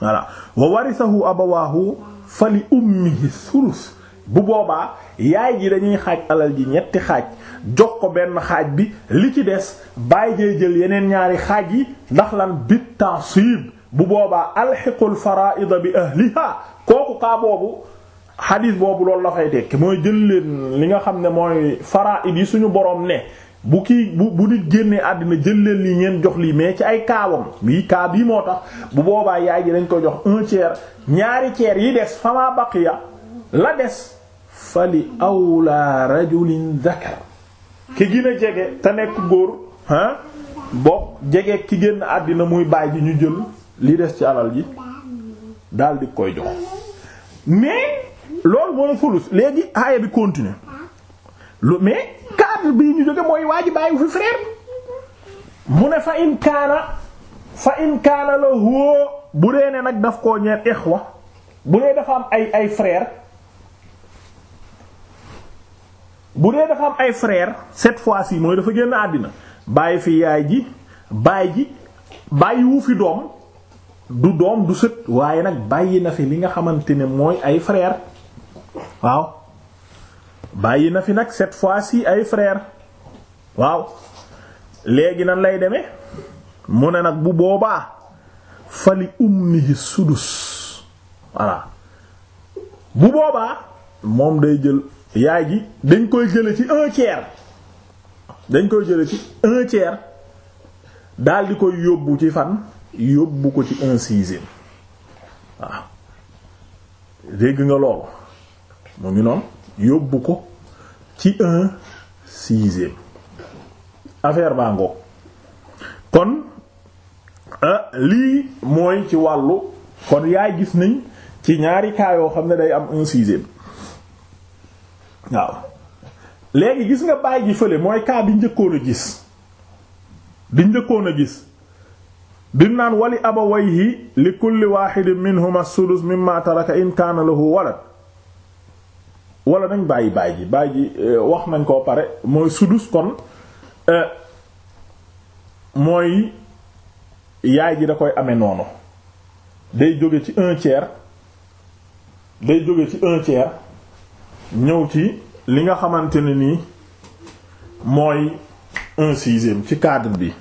voilà wa warisahu abawaahu fa li ummihi sulus bu boobaa yaay ji dañuy xaaj alal ji ñetti xaaj jox ko benn xaaj bi li ci des baay jee jël yeneen ñaari xaaj yi ndax lan bit tansib bu boobaa alxiqul faraida bi ahliha kooku kaa boobu xadiis boobu loolu la fay dekk mooy jël leen li nga xam ne mooy faraid yi suñu borom ne bu ki bu bu nit génnee àddina jël leen lii ngeen jox lii mais ci ay kaawam bii kaa bii moo tax bu boobaa yaay ji dañ ko jox un tiers ñaari tiers yi des fama baqiya la des fa li awla rajulin dhakar ki gën a jege te nekk góor ah bokk jege ki génn àddina muy baay ji ñu jël li des ci alal ji daal di koy jox mais loolu mooy fulus léegi aaya bi continuer lu mais cadre bii ñu jóge mooy waa ji bàyyi fi frère mu ne fa in fa in kaana la woo bu dee ne nag daf koo ñeer ixwa bu dee dafa am ay ay frère bu dee dafa am ay frère set fois-ci mooy dafa génn àddina bàyyi fi yaay ji baay bàyyi wu fi doom du doom du sët waaye nag bàyyi na fi li nga xamante ne mooy ay frère waaw bàyyi na fi nag cette fois-ci ay frère waaw léegi nan lay deme mu ne nag bu boobaa fali ummihi sudus voilà bu boobaa moom day jël yaay ji dañ koy jële ci un dañ koy jële ci un daldi daal koy yóbbu ci fan yóbbu ko ci un sixième waaw dégg nga loolu mu ngi noonu yóbbu ko ci un affaire baa ngoog kon ah, lii mooy ci wàllu kon yaay gis nañ ci ñaari cas yoo xam ne day am un sixième waaw léegi gis nga bàyyi ji fële mooy cas bi njëkkoon a gis bi njëkkoon a gis bi naan wali abawayhi li kulli wahidin minhuma sudus mimma taraka in kana lahu walad wala nañ bàyyi baay ji euh, wax nañ koo pare mooy sudus kon euh, mooy yaay ji da koy amee noonu day jóge ci un tiers day jóge ci un tiers ñëw ci li nga xamante ne nii mooy un sixième ci cadre bi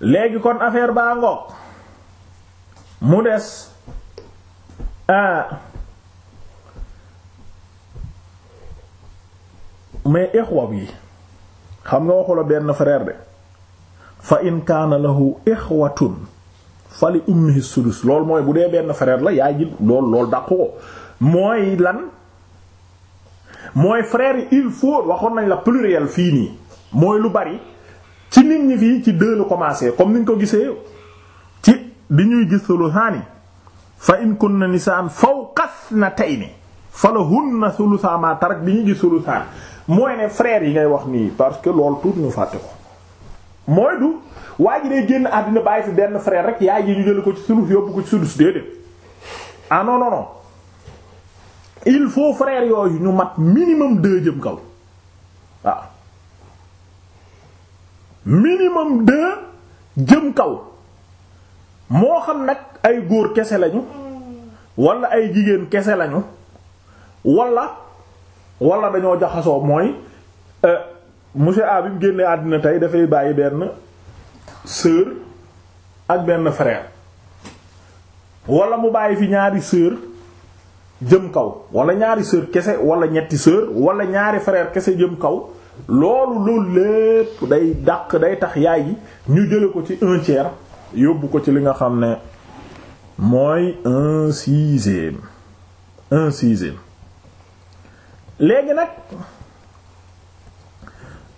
léegi kon affaire baa ngoog mu des euh, mais ixwa bi xam nga waxula benn frère de fa in kaana lahu ixwatun fa li ummihi sudus mooy bu dee benn frère la yaay ji lool lool dàqu ko mooy lan mooy frère yi il faut waxoon nañ la pluriel fii nii mooy lu bari ci nit ñi fii ci deux lu commencé comme niñ ko gisee ci bi ñuy gis sulusaani fa in kunna nisaan fawqas na tey ni fa lahunna sulusaa ma bi ñuy gis sulusaan mooy ne frère yi ngay wax nii parce que loolu tuut ñu fàtte ko mooy du waa ji day génn àddina bàyyi fi benn frère rek yaay ji ñu jël ko ci sulus yóbbu ko ci sulus déedéet ah non non il faut frère yooyu ñu mat minimum deux jëm kaw ah. minimum deux jëm kaw moo xam nag ay góor kese lañu wala ay jigéen kese lañu wala. wala dañoo jaxasoo mooy euh, monsieur A bi mu génnee àddina tey dafay bàyyi benn sœur ak benn frère wala mu bàyyi fi ñaari sœur jëm kaw walla ñaari sœur kese wala ñetti sœur wala ñaari frère kese jëm kaw loolu loolu lépp day dàq day tax yaay yi ñu jële ko ci un tiers yóbbu ko ci li nga xam ne mooy un sixième un sixième léegi nag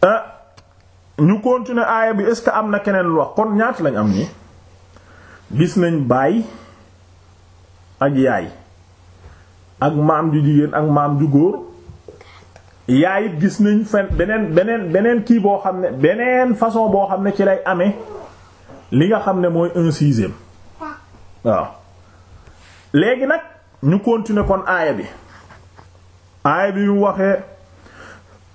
ah, ñu continuer aaya bi est-ce am na keneen lu wax kon ñaata lañ am ni gis nañ baay ak yaay ak maam ju jigéen ak maam ju góor yaay it gis nañ fen beneen beneen beneen kii boo xam ne beneen façon boo xam ne ci lay ame li nga xam ne mooy un sixième waaw léegi nag ñu continuer kon aaya bi aaya bi mu waxee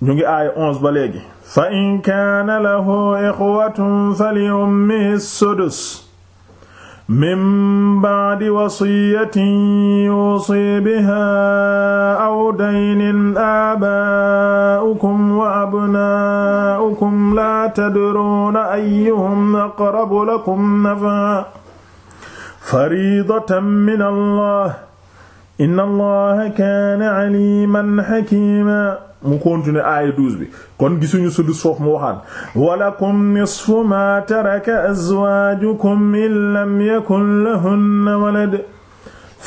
ñu ngi aaya onze ba léegi fa in kaana lahu ixwatun fali ummihi sudus min ba'di wasiyatin yuusi biha aw daynin aabaa'ukum wa abnaa'ukum laa tadruuna ayyuhum aqrabu lakum naf'an fariidatan min allah inna allaha kaana aliman xakima mu continuer aaya 12 bi kon gisuñu sudus foofu mu waxaan walakum nisfu ma taraka azwaajukum in lam yakun lahunna walad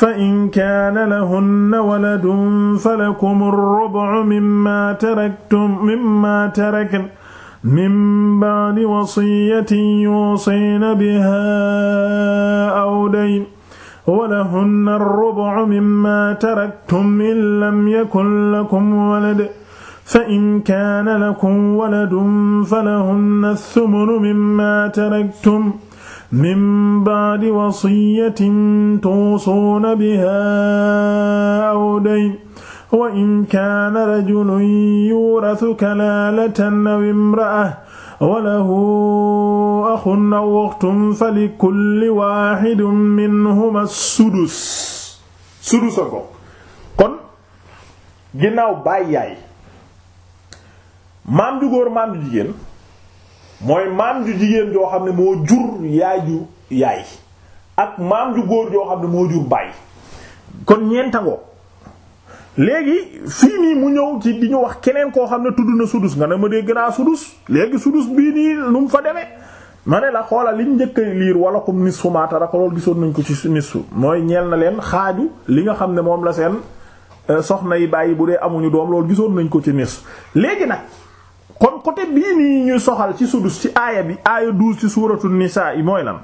fa in kaana lahunna waladun falakum ar-rubu mimma taraktum mimma tarakna min ba'di wasiyatin yusiina biha aw dayn walahunna rubu'u mimma taraktum in lam yakun lakum walad fa in kaana lakum waladun falahunna ath-thumnu mimma taraktum min ba'di wasiyatin tuusuuna bihaa aw dayn wa in kaana rajulun yurathu kalaalatan aw imra'atun walahu axun aw uxtun fa li kulli waaxidin minhuma sudus sudusa ko kon ginnaaw baay yaay maam ju góor maam ju jigéen mooy maam ju jigéen joo xam ne moo jur yaay ju yaay ak maam ju góor joo xam ne moo jur baay kon ñeenta ngoo léegi fii nii mu ñëw ci di ñu wax keneen koo xam ne tudd na sudus nga ne ma dégg naa sudus léegi sudus bii nii nu mu fa demee ma ne la xoolal liñ njëkk a liir wala comme nisfu maa taraka loolu gisoon nañ ko ci nisfu mooy ñeel na leen xaaju li nga xam ne moom la seen euh, soxna yi bàyyi bu dee amuñu doom loolu gisoon nañ ko ci nisfu léegi nag kon côté bii nii ñuy soxal ci sudus ci aaya bi aaya 12 ci suuratu nisaa yi mooy lan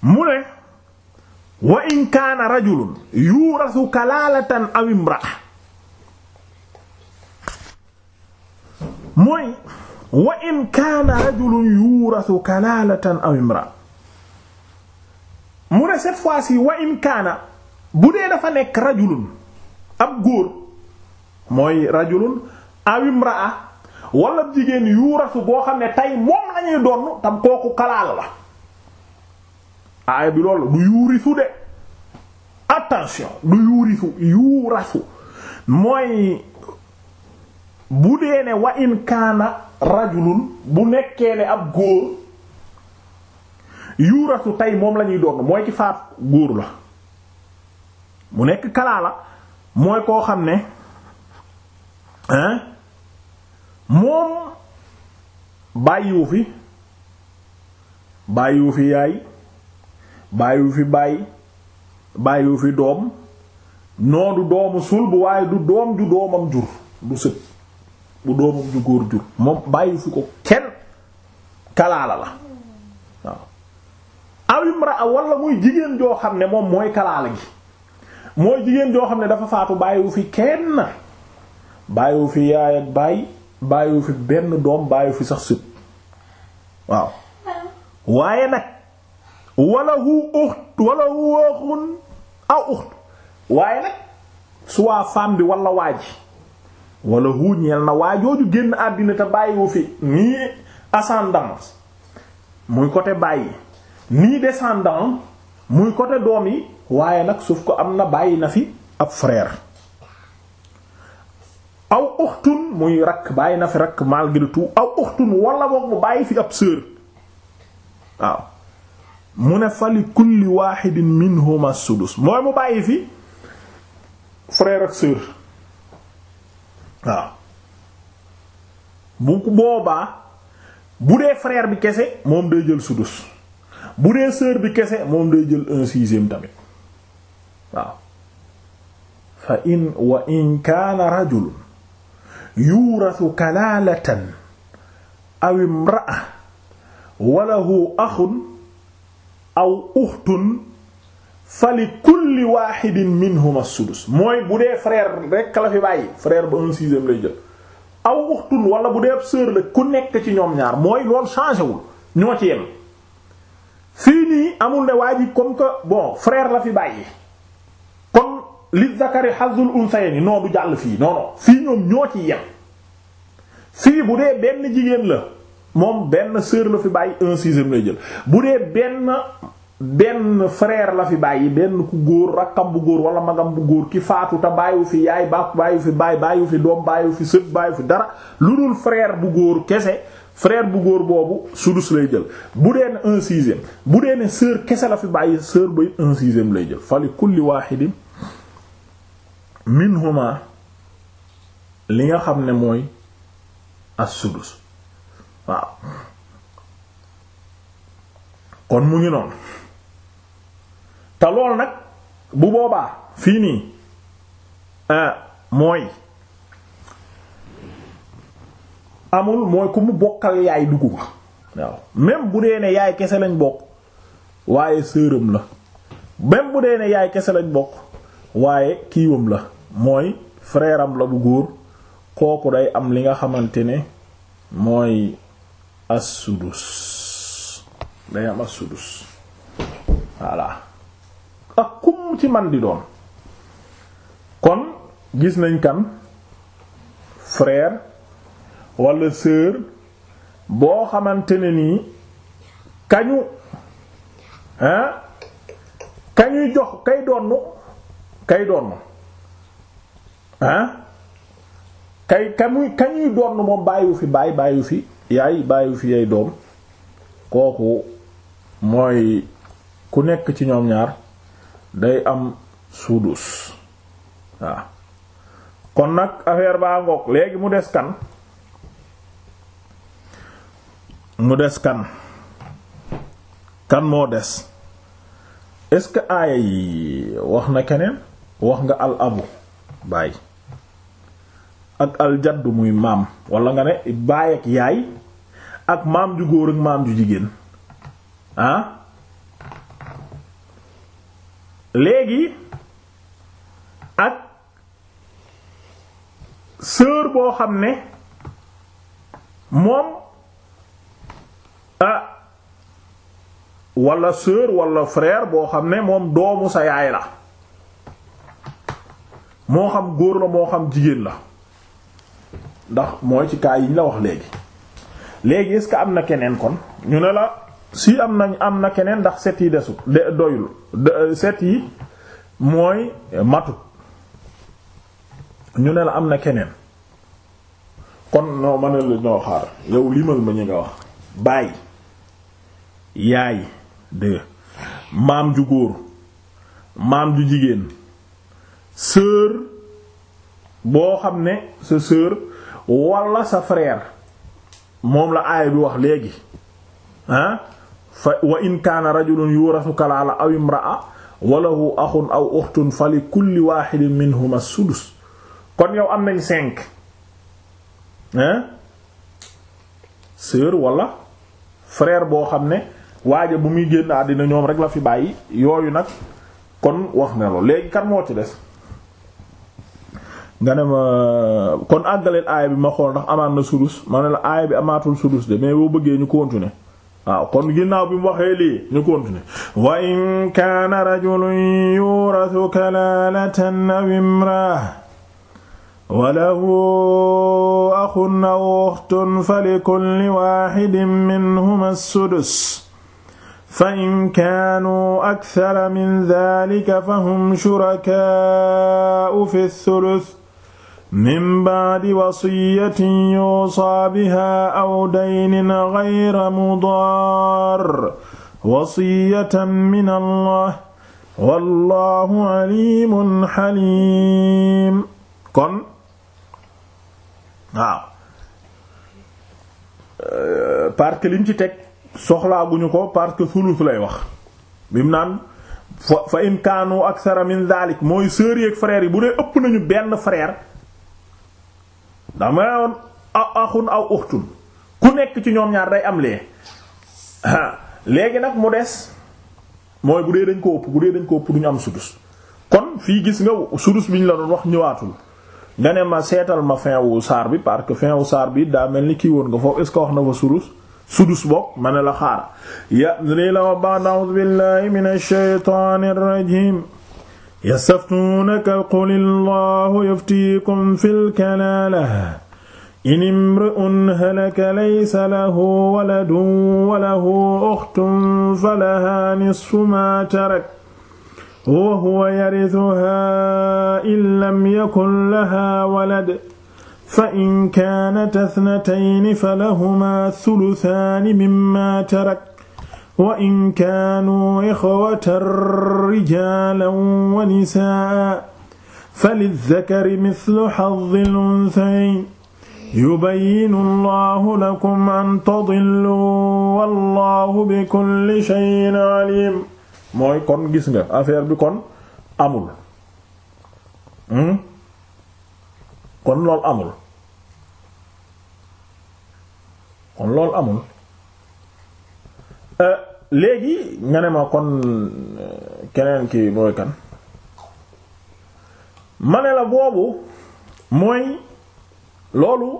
mu ne wa in kaana rajulun yuurasu kalaalatan aw imra'a mooy wa in kaana rajulun yuurasu mu ne cette fois wa in kaana bu dee dafa nekk rajulun ab góor mooy rajulun aw imra'a wala jigéen yuurasu boo xam ne tey moom lañuy doon tam kooku kalaala la aaya bi loolu du yuurisu de attention du yuurisu yuurasu mooy bu dee ne wa in kaana rajulun bu nekkee ne ab góor yuurasu tey moom lañuy ñuy mooy ci faat góor la mu nekk kalaa mooy koo xam ne hein moom bàyyiwu fi bàyyiwu fi yaay bàyyiwu fi bàyyi bàyyiwu fi doom noo doomu sulb waaye du doom ju doomam jur du sët bu doomam ju góor jur moom bàyyiwu fi ko kenn kalaala la waaw aw walla muy jigéen joo xam ne moom mooy kalaala gi mooy jigéen joo xam ne dafa faatu bàyyiwu fi kenn bàyyiwu fi yaay ak bàyyi bàyyiwu fi benn doom bàyyiwu fi sax sët waaw waaye nag walahu uxt walahu axun aw uxt waaye nag soit femme bi wala waaj walahu ñeel na waajooju génn àddina te bàyyiwu fi nii ascendance muy côté bàyyi nii descendant muy côté doom yi waaye nag suuf ko am na bàyyi na fi ab frère aw uxtun muy rakk bàyyi na fi rakk malgré tout aw uxtun wala boog mu bàyyi fi ab sœur waaw mu ne fali kulli waaxidin minhuma sudus mooy mu bàyyi fi frère ak sœur bu boobaa bu dee frère bi kese moom day jël sudus bu dee sœur bi kese moom day jël un sixième tamit waaw fa in wa in kaana rajulun yuurasu kalaalatan aw imra'a walahu axun aw uxtun fa li kulli waaxidin minhuma sudus mooy bu dee frère rekk la fi bàyyi frère ba un sixième lay jël aw uxtun wala bu dee sœur la ku nekk ci ñoom ñaar mooy loolu changé wul ñoo ci yem fii nii amul ne waa ji comme que bon frère la fi bàyyi kon li zakari hazul unsayni non du jàll fii non fii ñoom ñoo ci yem fii bu dee benn jigéen la moom benn sœur la fi bàyyi un sixième lay jël bu dee benn benn frère la fi bàyyi benn ku góor rakkam bu góor wala magam bu góor ki faatu te bàyyiwu fi yaay baax bàyyiwu fi baay bàyyiwu fi doom bàyyiwu fi sët bàyyiwu fi dara lu dul frère bu góor kese frère bu góor boobu sudus lay jël bu dee ne un sixième bu dee ne sœur kese la fi bàyyi sœur buy un sixième lay jël fali kulli waaxidin minhuma li nga xam ne mooy as sudus waaw kon mu ngi noonu te lool nag bu boobaa fii nii eh, mooy amul mooy ku mu bokkal yaay dugg ko waaw même bu dee ne yaay kese lañ bokk waaye sërëm la même bu dee ne yaay kese lañ bokk waaye kiiwam la mooy frère la bu góor kooku day am li nga xamante ne mooy assudus day am assudus voilà ak ah, kum ci man di doon kon gis nañ kan frère wala sœur boo xamante ne nii kañu hein kañuy jox kay donnu kay donnu hein kay kamuy kañuy donnu moom bàyyiwu fi bàyyi bàyyiwu fi yaay bàyyi fi yay doom kooku mooy ku nekk ci ñoom ñaar day am sudus waaw kon nag affaire baa ngoog léegi mu des kan mu des kan kan moo des est-ce que aaya yi wax na keneen wax nga al abu bàyyi ak aljaddu muy maam walla nga ne baay ak yaay ak maam ju góor ak maam ju jigéen ah léegi ak sœur boo xam ne moom ah wala sœur wala frère boo xam ne moom doomu sa yaay la moo xam góor la moo xam jigéen la ndax mooy ci cas yi ñu la wax léegi léegi est-ce am na keneen kon ñu ne la si am nañ am na keneen ndax set yi desut de doyul set yi mooy matut ñu ne la am na keneen kon noo ma ne la ñoo xaar yow limal ma ñu nga wax baay yaay de maam ju góor maam ju jigéen sœur boo xam ne sa sœur wala sa frère moom la aaya bi wax léegi ah fa wa in kaana rajulun yurathu kalaala aw imraa walahu axun aw uxtun fa li kulli waxidin minhuma sudus kon yow am nañ cinq hein sœur wala frère boo xam ne waaja bu muy génn àddina ñoom rek la fi bàyyi yooyu nag kon wax nga loolu léegi kan moo ci des nga ne ma kon àggaleel aaya ma xool ndax amaat sudus ma ne la aaya sudus de mais boo bëggee ñu kon ginnaaw bi mu waxee lii ñu continuer wa in kaana rajulun aw imra wa lahu aw uxtun fa likulli waxidin minhuma sudus fa in kaanuu akthara min dhalika fa hum shurakaa'u fi min ba'di wasiyatin yuusaa bihaa aw daynin ghayra mudaar wasiyatan min allah wallahu alimun halim kon waaw euh, parce que lim ci teg soxlaaguñu ko parce que sulus lay wax bim naan fa in kaanu akthara min dhalik mooy sœurs yi ak frères yi bu dee ëpp nañu benn frère ndax ma woon axun aw uxtun ku nekk ci ñoom ñaar day am lee léegi nag mu des mooy bu dee dañ ko ëpp bu dee dañ ko ëpp duñu am sudus kon fii gis nga sudus bi ñu la doon wax ñëwaatul nga ne ma seetal ma fin wu saar bi parce que fin wu saar bi daa mel ni kii woon nga foofu est wax na fa sudus sudus bokk ma ne la xaara ya li la wa ba'd a'udhu billahi minash shaytanir rajim yastaftuunaka qul allahu yuftiikum fil kalaala in imru'un halaka laysa lahu waladun wa lahu ukhtun falahaa nisfu maa tarak wa huwa yarithuhaa in lam yakun lahaa walad fa in kaanat ithnatayni falahumaa thuluthaani mimmaa tarak wa in kaanuu ixwatan rijaalan wa nisaa'an falizzakari mislu hazzil unsayayni yubayyinu llaahu lakum an tadilluu wallaahu bikulli shay'in aliim mooy kon gis nga affaire bi kon amul hmm? kon lool amul kon lool amul euh, léegi nga ne ma kon euh, keneen ki mooy kan ma la boobu mooy loolu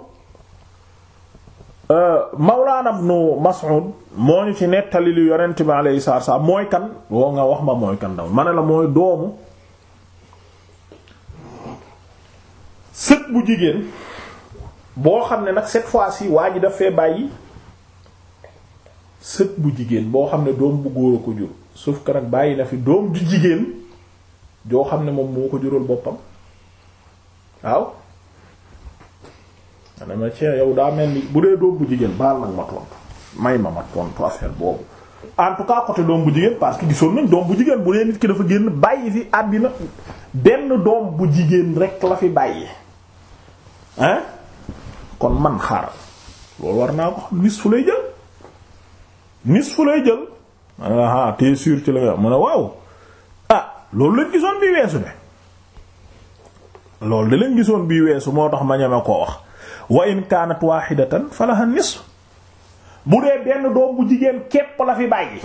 euh, Mawlaana Ibnu Mas'ud moo ñu ci nettali lu yonent bi alayhi salaatu salaam mooy kan woo nga wax ma mooy kan daw ma la mooy doomu sët bu jigéen boo xam ne nag cette fois si waa ji daf bàyyi sët bu jigéen boo xam ne doom bu góor a ko jur sauf que nag bàyyi na fi doom ju jigéen joo xam ne moom moo ko jural boppam waaw dama ci yow daa mel ni bu dee doom bu jigéen baal nag ma tontu may ma ma tontu affaire boobu en tout cas côté doom bu jigéen parce que gisoon nañ doom bu jigéen bu dee nit ki dafa génn bàyyi fi àddina benn doom bu jigéen rek la fi bàyyi hein kon man xaaral loolu war naa ko xam nis fu lay jël nisfu lay jël ma ne ah t'es sûr ci la nga ma ne waaw ah loolu lañ gisoon bii weesu ne loolu da lañ gisoon bii weesu moo tax ma ñeme koo wax wa in kaanat wahidatan falaha nisf bu dee benn doom bu jigéen képp la fi bàyyi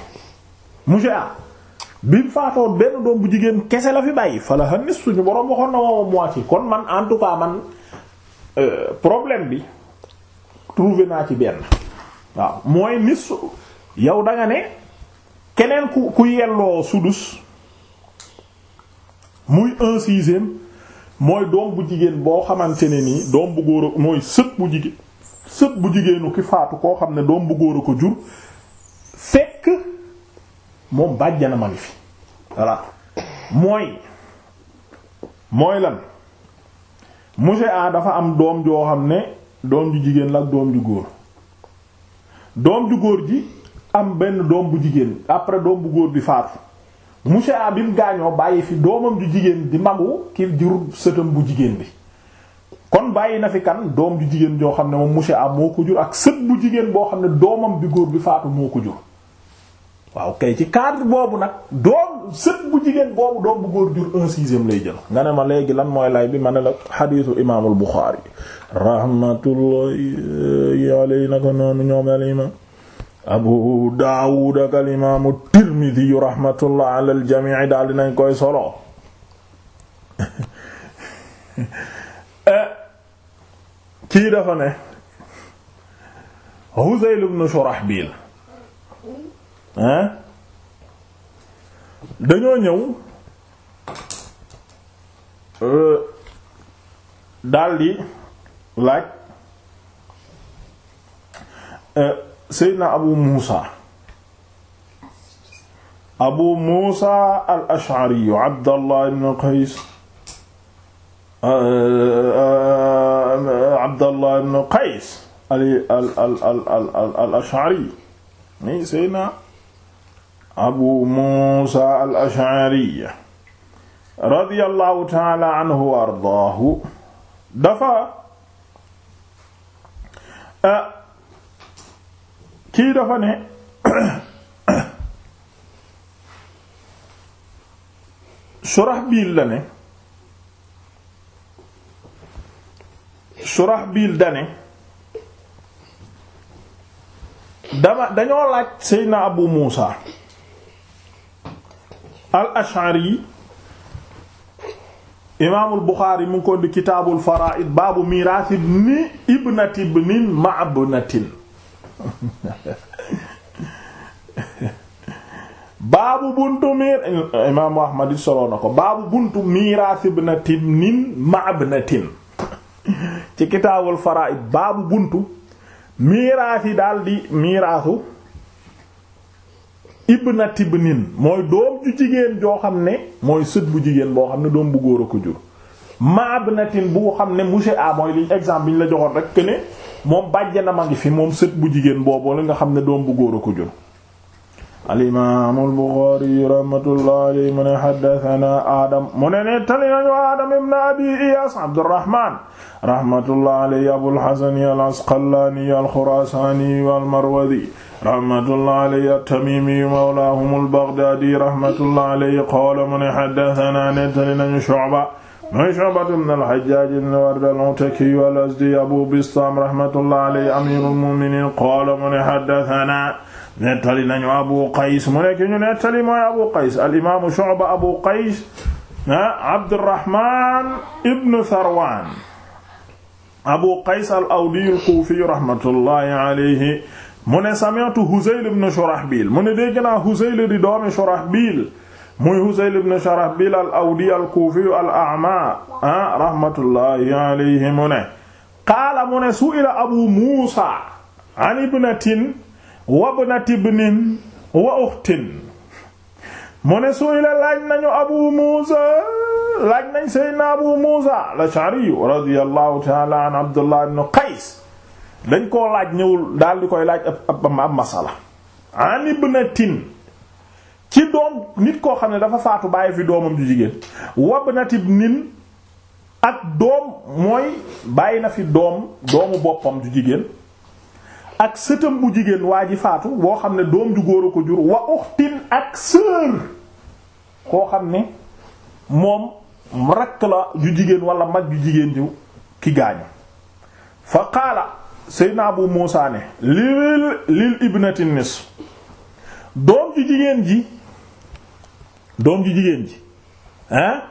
monsieur a bi mu faatoon benn doom bu jigéen kese la fi bàyyi falaha nisf suñu boroom waxoon na waaw moitié kon man en tout man euh, problème bi trouvé naa ci benn waaw mooy nisf yow danga ne keneen ku ku yelloo sudus muy un sixième mooy doom bu jigéen boo xamante ne nii doom bu góor a mooy sët bu jigéen sët jigéenu ki faatu koo xam ne doom bu góor a ko jur fekk moom bàjjana ma ngi fi voilà mooy mooy lan monsieur A dafa am doom joo xam ne doom ju jigéen la ak doom ju góor doom ju góor ji am benn doom bu jigéen après doom bu góor bi faatu monsieur A bi gaañoo bàyyi fi doomam ju jigéen di magu ki jur sëtam bu jigéen bi kon bàyyi na fi kan doom ju jigéen joo xam ne moom monsieur A moo ko jur ak sët bu jigéen boo xam ne doomam bi góor bi faatu moo ko jur waaw kay ci cadre boobu nag doom sët bu jigéen boobu doom bu góor jur un sixième lay jël nga ne ma léegi lan mooy lay bi ma ne la xadiisu imaamul Buxaari rahmatullahi alayhi naka noonu ñoom al imam abu daawud ak al imaamu tirmidi rahmatullah ala al jamii daal dinañ koy solo eh, kii dafa ne huzayl ibn shurahbil eh? dañoo ñëw euh, daldi laaj euh, seydna abu muusa abu muusa al ash'ari abdallah ibn qays uh, abdallah ibn qays al al ash'ari ni seydna abu muusa al ash'ari radiyallahu ta'ala anhu wa ardaahu dafa uh, kii dafa ne Surahbil la ne Surahbil dane dama dañoo laaj Seydina Abu Muusa al Ash'ari imaamul Buxaari mu di kitaabul faraa'id baabu miiraas ibni ibnati ibnin ma'abnatin baabu buntu ko baabu buntu miiraas ibnatin nin ma ibnatin ci kitaabul faraa'id baabu buntu miiraas yi daal di miiraasu ibnati ibnin mooy doom ju jigéen joo xam ne mooy sët bu jigéen boo xam ne doom bu góor ko jur ma ibnatin bu xam ne monsieur a mooy exemple bi ñu la joxoon rek que moom bàjjanam a ngi fi moom sët bu jigéen boobu li nga xam ne doom bu góor a ko jur alimaam albuxaari rahmatullah aley mu ne xaddatana aadam nettali nañu aadam ibn abi iyas abdurahman rahmatullah aley abulxasani al asqalaani alxurasaani almarwadi rahmatullah aley attamimi mawlaahum albagdaadi rahmatullah aley qaala mu ne xaddatana nañu shu'ba mooy Shu'batu ibn al-Hajjaj ibn Ward al-Ataki al-Azdi Abu Bistam rahmatullah alayhi amirul mu'minin qaala mu ne haddathana nettali nañu Abu Qays mu nekk ñu nettali mooy Abu Qays al-imaamu Shu'ba Abu Qays Abdurrahman ibn Tharwan Abu Qays al-Awdi al-Kufi rahmatullahi alayhi mu ne sami'tu Huzayl ibn Shurahbil mu ne dégg naa Huzayl di doomi Shurahbil muy Husayl ibn Sharahbil al-Awdi al-Kufi al-A'ma ah rahmatullahi alayhi mu ne qaala mu ne su'ila Abu Muusa an ibnatin wa ibnati ibnin wa ukhtin mu ne su'ila laaj nañu Abu Muusa laaj nañ Seydina Abu Muusa al-Ash'ari radiyallahu ta'ala an Abdullah ibn Qays dañ koo laaj ñëwul daal di koy laaj ab ab masala an ibnatin ci doom nit koo xam ne dafa faatu bàyyi fi doomam ju jigéen wabnati ibnin ak doom mooy bàyyi na fi doom doomu boppam ju jigéen ak sëtam bu jigéen waa ji faatu woo xam ne doom ju góor a ko jur wa uxtin ak sœur koo xam ne moom rakk la ju jigéen wala mag ju jigéen ju ki gaañu fa qaala seydna abu muusa ne lil lil ibnati doom ju jigéen ji doom ji jigéen ji hein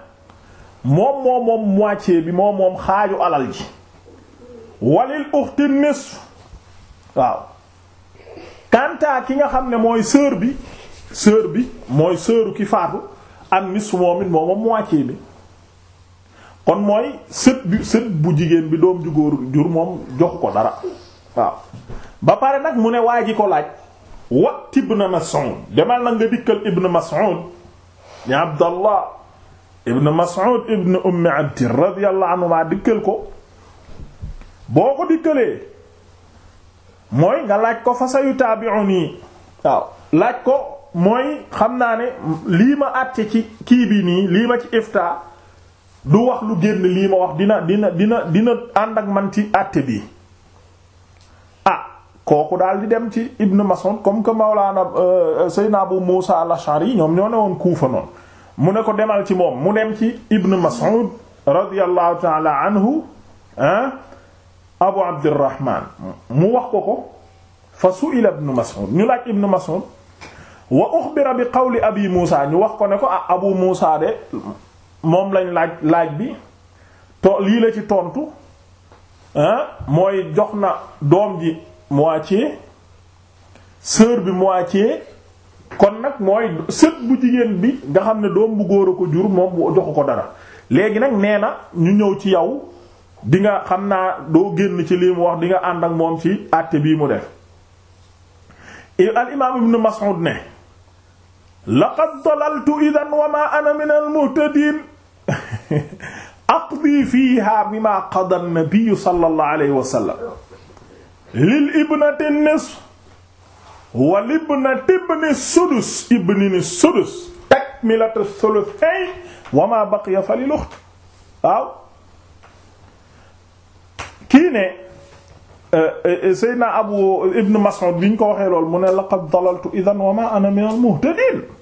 moom moom moom bi moom moom xaaju alal ji walil uxti nisf waaw kanta ki nga xam ne mooy sœur bi sœur bi mooy sœuru ki faatu am nisf moom it moom moom bi kon mooy sët bi sët bu jigéen bi doom ju góor jur moom joxu ko dara waaw ba pare nag mu ne waa ji ko laaj wat na Mas'ud demal na nga dikkal ibn Mas'ud ni abdallah ibn mas'ud ibn ummi abdi radiyallahu anhuma dikkal ko boo ko dikkalee mooy nga laaj ko fa sayu taabi'uni waaw laaj ko mooy xam naa ne lii ma àtte ci kii bi nii lii ma ci ifta du wax lu génn lii ma wax dina dina dina ànd ak man ci àtte bi kooku daal di dem ci Ibn Mas'ud comme que Mawlana euh, Seydina Abu Musa al ñoom ñoo ne woon Kuufa mu ne ko demal ci moom mu dem ci Ibn Mas'ud radiyallahu ta'ala anhu ah Abu Abdurrahman mu wax ko ko fa su'ila Ibn Mas'ud ñu laaj Ibn Mas'ud wa ukhbira bi qawli Abi Musa ñu wax ko ne ko ah Abu Musa de moom lañ laaj laaj bi to lii la ci tontu ah mooy jox na doom ji. moitié sœur bi moitié kon nag mooy sët bu jigéen bi nga xam ne doom bu góor ko jur moom joxu ko dara léegi nag nee na ñu ñëw ci yow dinga xam naa doo génn ci lii mu wax di nga ànd ak moom ci àtte bii mu def al imaam ibnu Mas'ud ne laqad dalaltu idan wa ma ana min al muhtadin aqdi fiha bi qada an-nabi sallallahu alayhi wa lil ibnati nisf wal ibnati ibni sudus ibni ni sudus takmilatu thuluthayn wa ma baqiya fa lil ukht waaw kii ne eh, eh, Seydina Abu Ibn Mas'ud bi ñu ko waxee lool mu ne laqad dalaltu idhan wa ma ana min al muhtadin